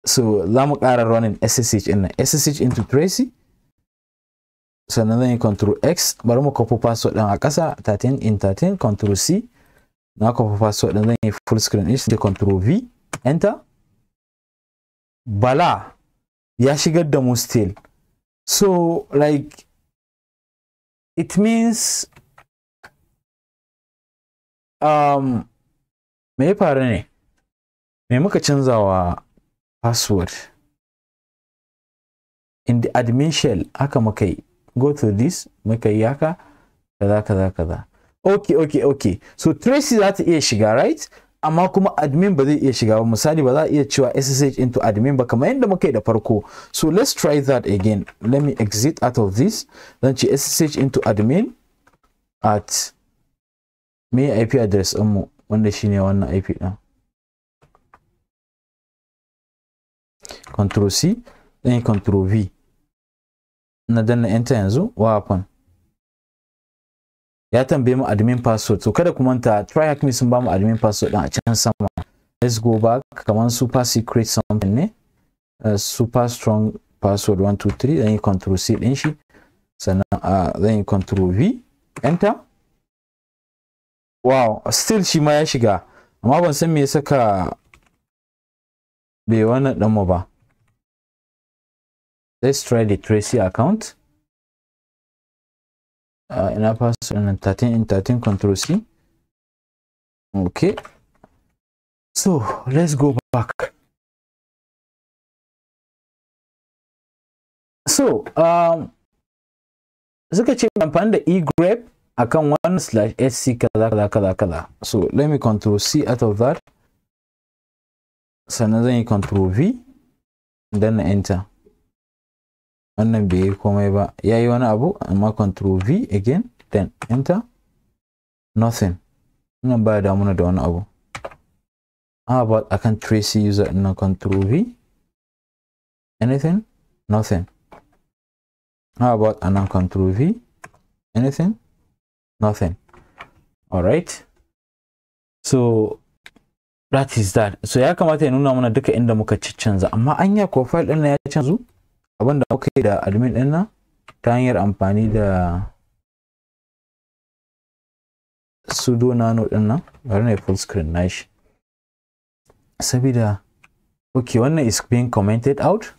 so za mu ƙara running ssh in nan ssh into tracy sannan zan yi control x bari mu copy password din a ƙasa 13 in 13 control c na copy password din zan yi full screen din da control v enter bala ya shigar da mu still so like it means um me ya faru ne me muka canzawa password in the admin shell haka muka yi go to this muka yi haka kaza kaza kaza okay okay okay so tracy za ta iya shiga right amma kuma admin ba zai iya shiga ba misali ba za iya cewa ssh into admin ba kamar yadda muka yi da farko so let's try that again let me exit out of this zan ce ssh into admin at me ip address mu wanda shine wannan ip din control c then control v na danna enter yanzu wahafan ya tambaye mu admin password so kada ku manta try hack me sun ba mu admin password din a can sama let's go back kaman super secret something ne uh, super strong password 123 then you control c din shi sannan uh, then you control v enter wow still shi ma ya shiga amma ban san me ya saka bai wannan dan mu ba Let's try the Tracy account. Uh, in our pass and 13 in 13 control C. Okay. So let's go back. So um suka ce amfani da egrep one slash sc kaza kaza kaza kaza. So let me control C out of that. So another control V then enter. wannan bai yi komai ba ya yi wani abu amma control v again then enter nothing nan ba damuna da wani abu how about akan trace user na control v anything nothing how about nan control v anything nothing all right so that is that so ya kamata ya nuna mana duka inda muka canza. amma anya ko file din ya canzu abin da muka yi da admin ɗin nan ta hanyar amfani da sudo nano ɗin nan bari na full screen nashi sabida ok wannan is being commented out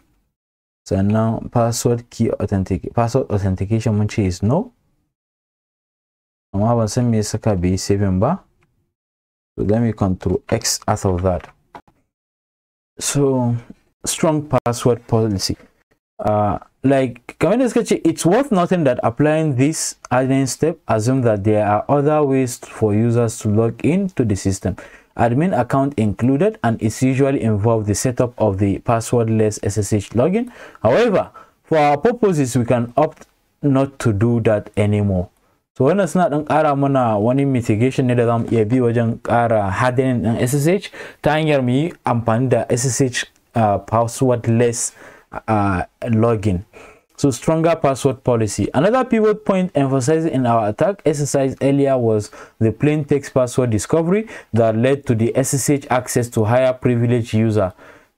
sannan password key authentic password authentication mun ce is no amma ban san me saka bai yi saving ba so let me control x out of that so strong password policy Uh, like, like commander sketchy it's worth noting that applying this admin step assumes that there are other ways for users to log in to the system admin account included and it's usually involved the setup of the passwordless ssh login however for our purposes we can opt not to do that anymore so when wannan suna dan kara mana one mitigation ne da zamu iya bi wajen hardening din ssh ta hanyar mu yi ssh uh, passwordless uh, login. So stronger password policy. Another pivot point emphasized in our attack exercise earlier was the plain text password discovery that led to the SSH access to higher privileged user.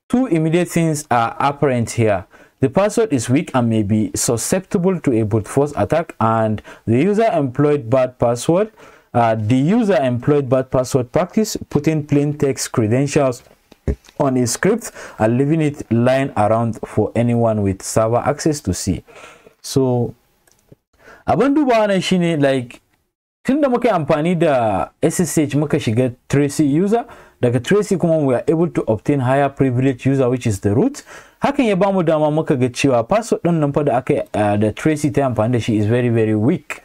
Two immediate things are apparent here. The password is weak and may be susceptible to a brute force attack and the user employed bad password. Uh, the user employed bad password practice, putting plain text credentials on a script and leaving it lying around for anyone with server access to see so abin dubawa nan shine like tunda muka amfani da ssh muka shiga tracy user daga tracy kuma we are able to obtain higher privilege user which is the root hakan ya bamu dama muka ga cewa password din nan fa da aka eh, da tracy ta amfani da shi is very very weak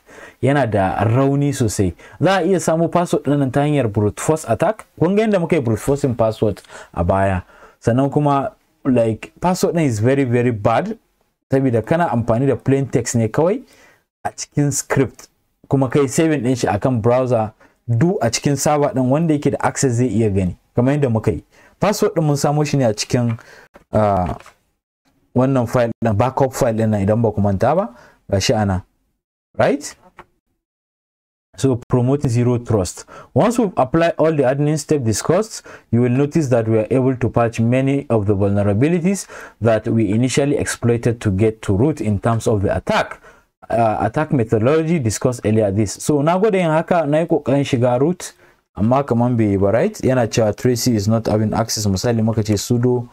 yana da rauni sosai za a iya samu password ɗin ta hanyar brute force attack kun ga yadda muka yi brute forcing password a baya sannan kuma like password ɗin is very very bad saboda kana amfani da plain text ne kawai a cikin script kuma kai saving ɗin shi akan browser du a cikin server ɗin wanda yake da access zai iya gani kamar yadda muka yi password ɗin mun samo shi ne a cikin ah, wannan file ɗin backup file ɗin idan ba ku manta ba gashi ana right So promote zero trust. Once we apply all the admin step discussed, you will notice that we are able to patch many of the vulnerabilities that we initially exploited to get to root in terms of the attack. Uh, attack methodology discussed earlier this. So na gwada yin haka na yi kokarin shiga root amma kaman be right yana cewa Tracy is not having access misali muka ce sudo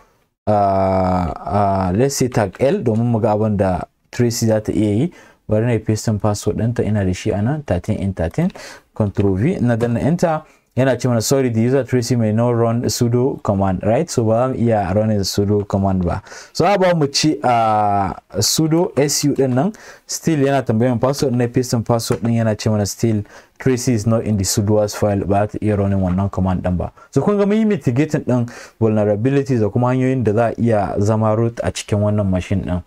uh, uh, let's say tag L domin mu ga abin da Tracy za ta iya yi. bari na paste password ɗinta ina da shi a nan 13 in 13 control v na danna enter yana ce mana sorry the user tracy may not run sudo command right so ba mu iya running sudo command ba so ba mu ci a sudo su din nan still yana tambayin password na paste password din yana ce mana still tracy is not in the as file ba ta iya running wannan command din ba so kun ga mun yi mitigating din vulnerabilities da kuma hanyoyin da za a iya zama root a cikin wannan machine din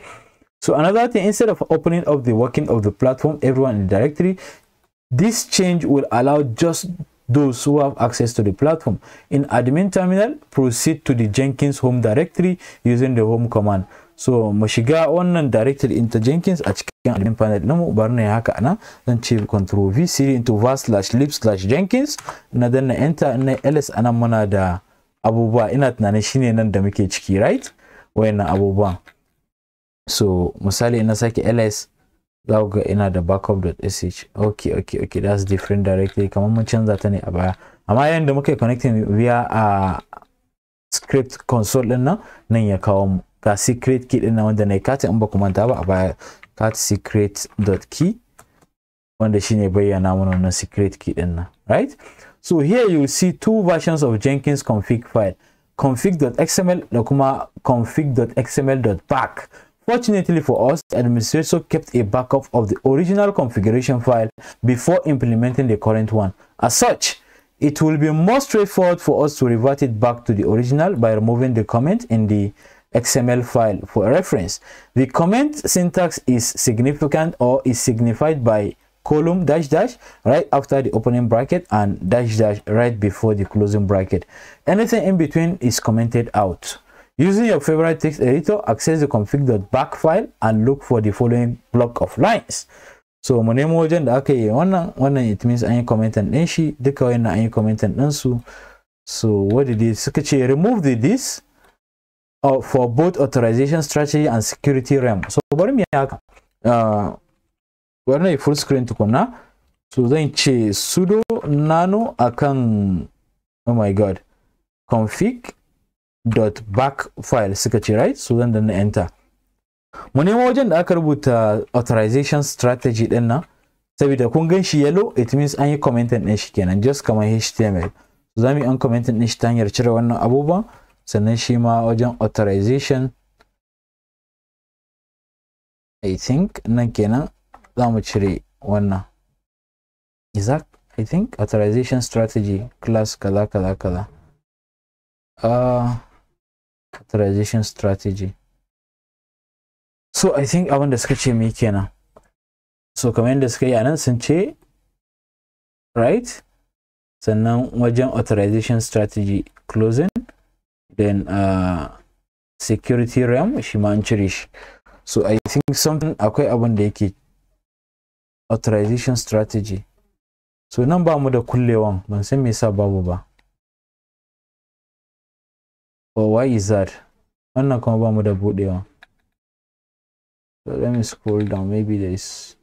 So another thing, instead of opening up the working of the platform, everyone in the directory, this change will allow just those who have access to the platform. In admin terminal, proceed to the Jenkins home directory using the home command. So mashiga shiga wannan directory into Jenkins a cikin admin panel namu barne na haka ana zan ce control v cd into var slash lib slash jenkins na danna enter na ls anan muna da abubuwa ina tunanin shine nan da muke ciki right wayannan abubuwa. so misali ina sake ls za ga ina da backup.sh ok ok ok that's different directly kamar mun canza ta ne a baya amma yayin da muka yi connecting via a script console din nan nan ya kawo mu ga secret key din nan wanda na yi katin in ba ku manta ba a baya cat secret.key wanda shine bayyana mana wannan secret key din nan right so here you see two versions of jenkins config file config.xml da kuma config.xml.back Fortunately for us, the Administrator kept a backup of the original configuration file before implementing the current one. As such, it will be more straightforward for us to revert it back to the original by removing the comment in the XML file for reference. The comment syntax is significant or is signified by column dash dash right after the opening bracket and dash dash right before the closing bracket. Anything in between is commented out. Using your favorite text editor, access the config.back file and look for the following block of lines. So my name is da Okay, one one it means I yi commenting din shi duka wayannan an yi commenting din So what did they suka remove the this uh, for both authorization strategy and security realm. So bari mu haka. Uh, bari full screen to tukunna. So then, she sudo nano akan oh my god config .back file suka ce right so zan danna enter mu nemo wajen da aka rubuta authorization strategy din nan saboda kun gan shi yellow it means an yi commenting din shi kenan just kamar html so za mu yi uncommenting din shi ta hanyar cire wannan abubuwan sannan shi ma wajen authorization I think nan kenan za mu cire wannan exact I think authorization strategy class kaza kaza kaza uh, characterization strategy so i think abin da suka ce me kenan so kamar yadda suka yi anan nan sun ce right sannan wajen authorization strategy closing then uh, security realm shi ma an cire shi so i think something akwai abin da yake authorization strategy so nan ba mu da kullewan ban san me yasa babu ba oh why is that wannan kuma ba mu da budewa so let me scroll down maybe there is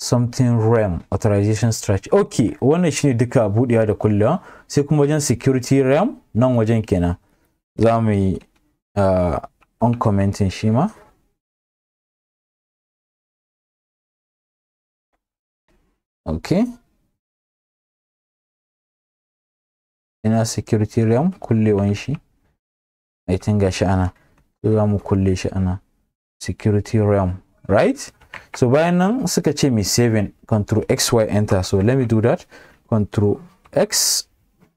something RAM authorization strategy okay wannan shine duka budewa da kullewa sai kuma wajen security RAM nan wajen kenan za mu yi uh, on commenting shi ma okay na security realm kullewan shi i think gashi ana za kulle shi ana security realm right so bayan nan suka ce me saving control x y enter so let me do that control x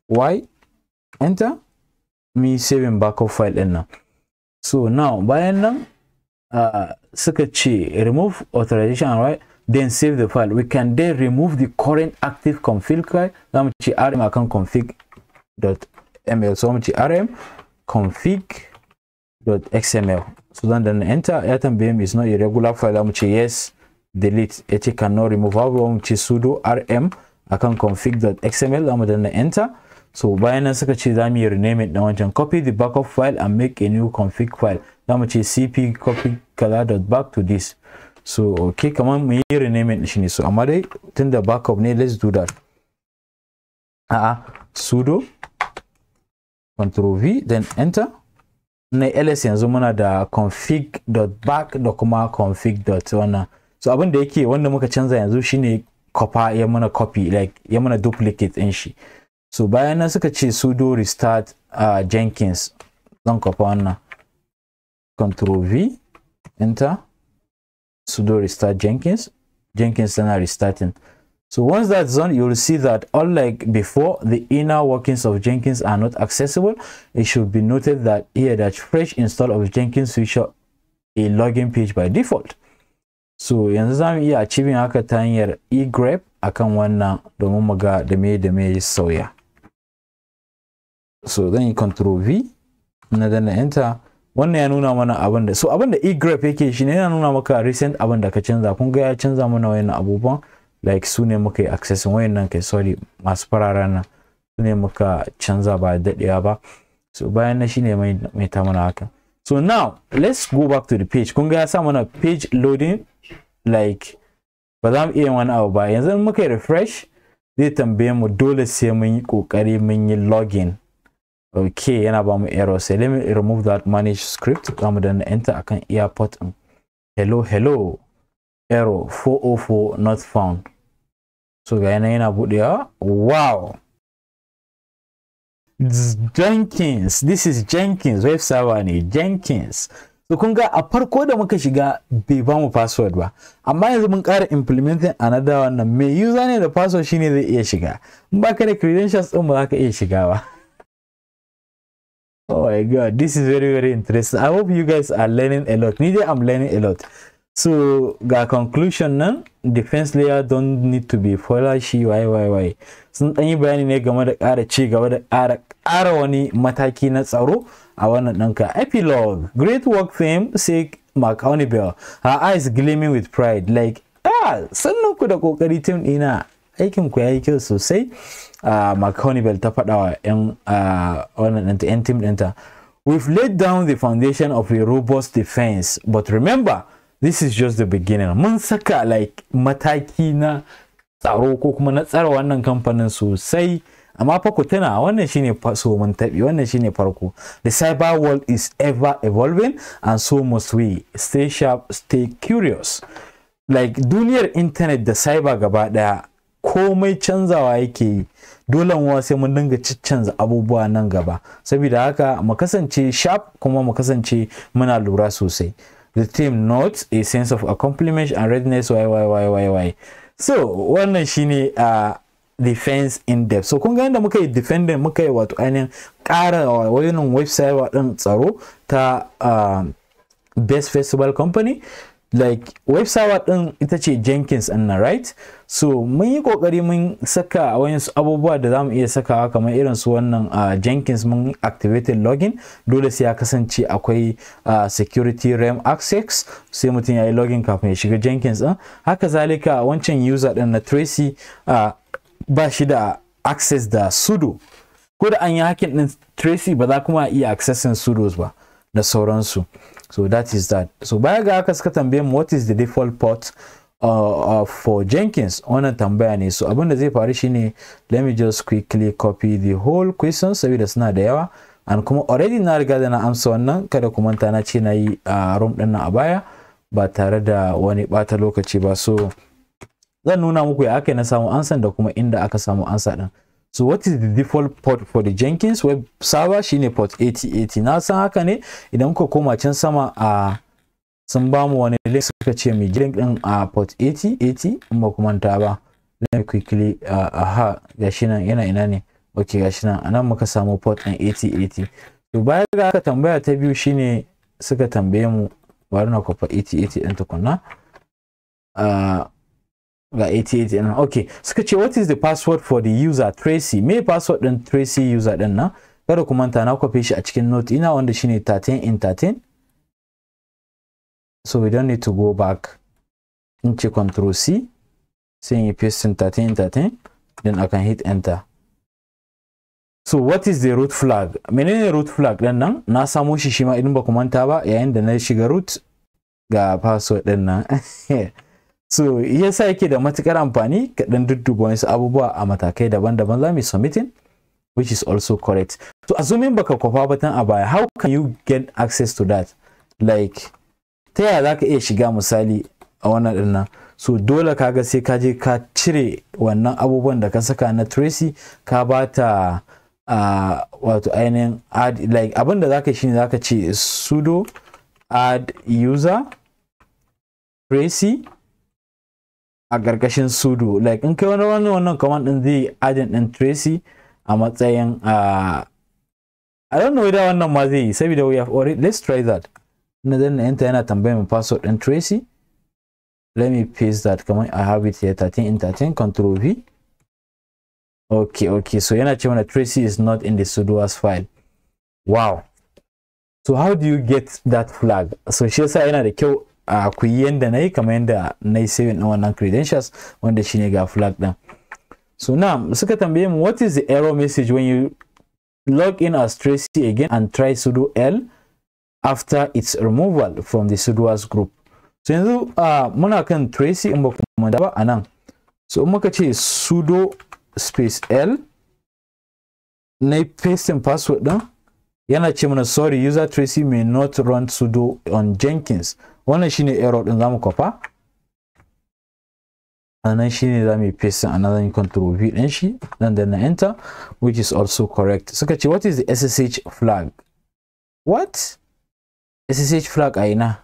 y enter me saving backup file din nan so now bayan nan uh, suka ce remove authorization right then save the file we can then remove the current active config file zamu ce rm account config config.ml. So I'm rm config.xml. So then, then enter atom beam is not a regular file. I'm yes, delete. It cannot remove. I'm sudo rm I akan config.xml. I'm then enter. So by nan suka I'm going to rename and wancan copy the backup file and make a new config file. I'm going to cp copy color.back to this. So okay kamar mu yi rename it. shi ne. So amma dai the backup ne let's do that. A'a sudo Ctrl V then enter. Na ls yanzu muna da config.back da kuma config config.wannan. So abin da yake wanda muka canza yanzu shine copy ya mana copy like ya mana duplicate din shi. So bayan nan suka ce sudo restart uh, Jenkins zan copy wannan. Ctrl V enter sudo restart Jenkins. Jenkins tana restarting. So once that's done, you'll see that unlike before, the inner workings of Jenkins are not accessible. It should be noted that here that fresh install of Jenkins feature a login page by default. So yanzu za mu iya achieving haka ta hanyar egrep akan wannan domin mu ga da me da me sauya. So then you control V then danna enter wannan ya nuna mana abin da so abanda da egrep yake shine yana nuna maka recent abin ka canza kun ga ya canza mana wayannan abubuwan like su ne muka yi accessing wayannan kai sorry masu farara nan su ne muka canza ba daɗewa ba so bayan na shine mai mai ta mana haka so now let's go back to the page kun ga ya sa mana page loading like ba za mu iya wani abu ba yanzu muka yi refresh zai tambaye mu dole sai mun yi kokari mun yi login okay yana ba mu error sai let me remove that manage script za mu enter akan airport hello hello error 404 not found so ga yana yana budewa wow this jenkins this is jenkins web server ne jenkins so kun ga a farko da muka shiga bai ba mu password ba amma yanzu mun ƙara implementing another wannan mai user ne da password shine zai iya shiga in baka da credentials din ba za ka iya shiga ba oh my god this is very very interesting i hope you guys are learning a lot ni dai i'm learning a lot so ga conclusion nan defense layer don need to be fola shi why why sun dan yi bayani ne game da ƙara ci gaba da ƙara ƙara wani mataki na tsaro a wannan danka. epilogue great work fame Say Mark bell her eyes gleaming with pride like ah sannan ku da kokari tim ɗina aikin ku yayi kyau sosai a mccowney bell ta faɗa wa yan wannan ɗanta yan tim ɗinta we've laid down the foundation of a robust defense but remember this is just the beginning mun saka like mataki na tsaro ko kuma na tsara wannan kamfanin sosai amma fa ku tuna wannan shine so mun tabi wannan shine farko the cyber world is ever evolving and so must we stay sharp stay curious like duniyar internet da cyber gaba daya komai canzawa yake yi dole mu sai mun dinga ciccanza abubuwa nan gaba saboda haka mu kasance sharp kuma mu kasance muna lura sosai the team notes a sense of accomplishment and readiness why so wannan shine a uh, defense in depth so kun ga muka yi defending muka yi wato ainihin ƙara wayonin website waɗin tsaro ta uh, best festival company like web server din ita ce jenkins nan right so mun yi kokari mun saka wayansu abubuwa da zamu iya sakawa kamar irin su wannan uh, jenkins mun activated login dole sai ya kasance akwai uh, security ram access sai mutum ya yi login kafin ya shiga jenkins din haka zalika wancan user din na tracy uh, ba shi da access da sudo ko da an yi hakin din tracy ba za kuma iya accessing sudos ba da sauransu so that is that so baya ga haka suka tambaye mu what is the default port uh, uh, for Jenkins wannan tambaya ne so abin da zai faru shine let me just quickly copy the whole question saboda suna da yawa and kuma already na riga da na amsa wannan kada ku manta na ce na yi a uh, room din nan a baya ba tare da wani bata lokaci ba so zan nuna muku ya aka na samu ansan da kuma inda aka samu ansa din so what is the default port for the jenkins web server shine port 8080 na san haka ne idan ku koma can sama a sun ba mu wani link suka ce mai link din a port 8080 in ba kuma ta ba let me quickly aha gashi nan yana ina ne okay gashi nan anan muka samu port din 8080 to bayan ga haka tambaya ta biyu shine suka tambaye mu warna na kwafa 8080 din tukunna uh, ga 88 ɗin ok suka ce what is the password for the user tracy me password ɗin tracy user ɗin na? kada ku manta na kwafe shi a cikin note ina wanda shine 13 in 13 so we don't need to go back in ce control c sai in paste in 13 in 13 then i can hit enter so what is the root flag menene root flag ɗin nan na samo shi shi ma idan ba ku manta ba yayin da na shiga root ga password ɗin nan so sa yake da matukar amfani ka dan dudduba wasu abubuwa a matakai daban-daban za mu submitting which is also correct so assuming baka kwafa batan a baya how can you get access to that like ta yaya ka iya shiga misali a wannan nan so dole kaga sai ka je ka cire wannan abubuwan da ka saka na tracy ka ba uh, wato ainihin add like abin da zaka za zaka ce sudo add user tracy a gargashin sudo like in kai wani wani wannan command din zai adin din tracy a matsayin a I don't know whether wannan ma zai yi saboda we have already let's try that na zan na enter yana tambayar min password din tracy let me paste that kamar I have it here 13 in 13 control V okay okay so yana ce mana tracy is not in the sudo as file wow so how do you get that flag so shi yasa yana da kyau ku yi yanda na yi kamar yanda na yi saving ɗin wannan credentials wanda shine ga flag ɗin so now suka tambaye mu what is the error message when you log in as Tracy again and try sudo l after its removal from the sudoers group so yanzu uh, muna kan Tracy in ba kuma ba a so in muka ce sudo space l na yi pasting password ɗin yana ce mana sorry user Tracy may not run sudo on Jenkins wannan shine arrow din zamu kwafa anan shine zamu yi paste a nan control v din shi dan na enter which is also correct suka ce what is the ssh flag what ssh flag a ina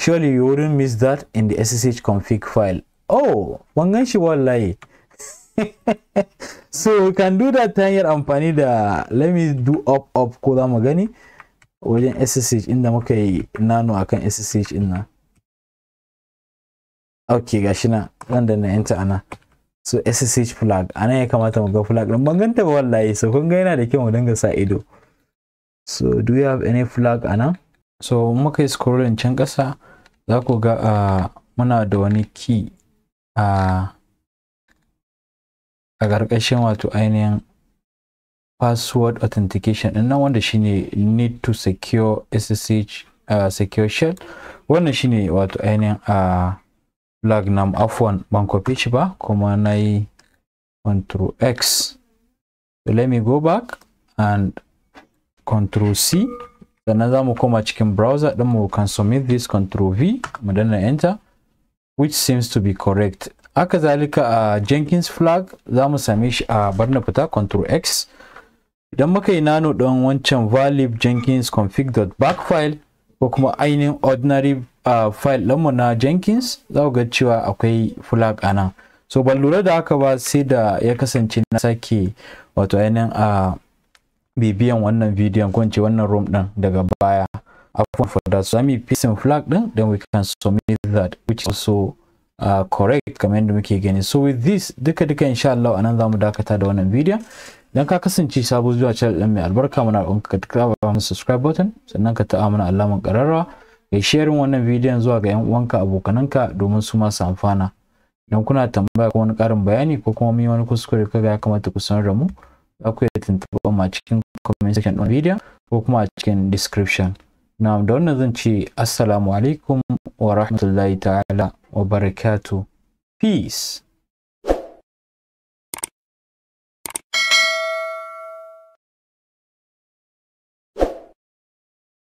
surely you wouldn't miss that in the ssh config file oh wan gan shi wallahi so we can do that ta hanyar amfani da let me do up up ko za mu gani wajen ssh inda muka yi nano akan ssh din nan ok gashi na nan da na enter ana so ssh flag anan ya kamata mu ga flag din ban ganta ba wallahi so kun ga yana da kyau mu dinga sa ido so do you have any flag anan so muka yi scrolling can kasa za ku ga uh, muna da wani key uh, a ƙarƙashin wato ainihin password authentication din nan wanda shine need to secure ssh uh, secure shell wannan shine wato ainihin a uh, flag nam afwan ban copy shi ba kuma na control x so let me go back and control c sannan za mu koma cikin browser din mu can submit this control v mu danna enter which seems to be correct akazalika zalika a uh, jenkins flag za mu same shi a uh, barna fita control x idan muka yi nano don wancan valib jenkins config.back file ko kuma ainihin ordinary uh, file ɗinmu na jenkins za ga cewa akwai flag a nan so ban lura da haka ba sai da ya kasance na sake wato ainihin a bibiyan wannan bidiyon ko ce wannan room ɗin daga baya akwai for that so i mean flag ɗin then we can submit that which is also uh, correct kamar yadda muke gani so with this duka duka insha Allah anan zamu dakata da wannan video dan ka kasance sabo zuwa channel din mai albarka muna roƙon ka taba mana subscribe button sannan ka ta'a mana alaman kararrawa kai share wannan video zuwa ga yan uwanka abokananka domin su ma su amfana idan kuna tambaya ko wani karin bayani ko kuma mai wani kuskure kaga ya kamata ku sanar da mu za ku iya tuntuɓa mu a cikin comment section ɗin bidiyon ko kuma a cikin description na'am da wannan zan ce assalamu alaikum wa rahmatullahi ta'ala wa barakatuh peace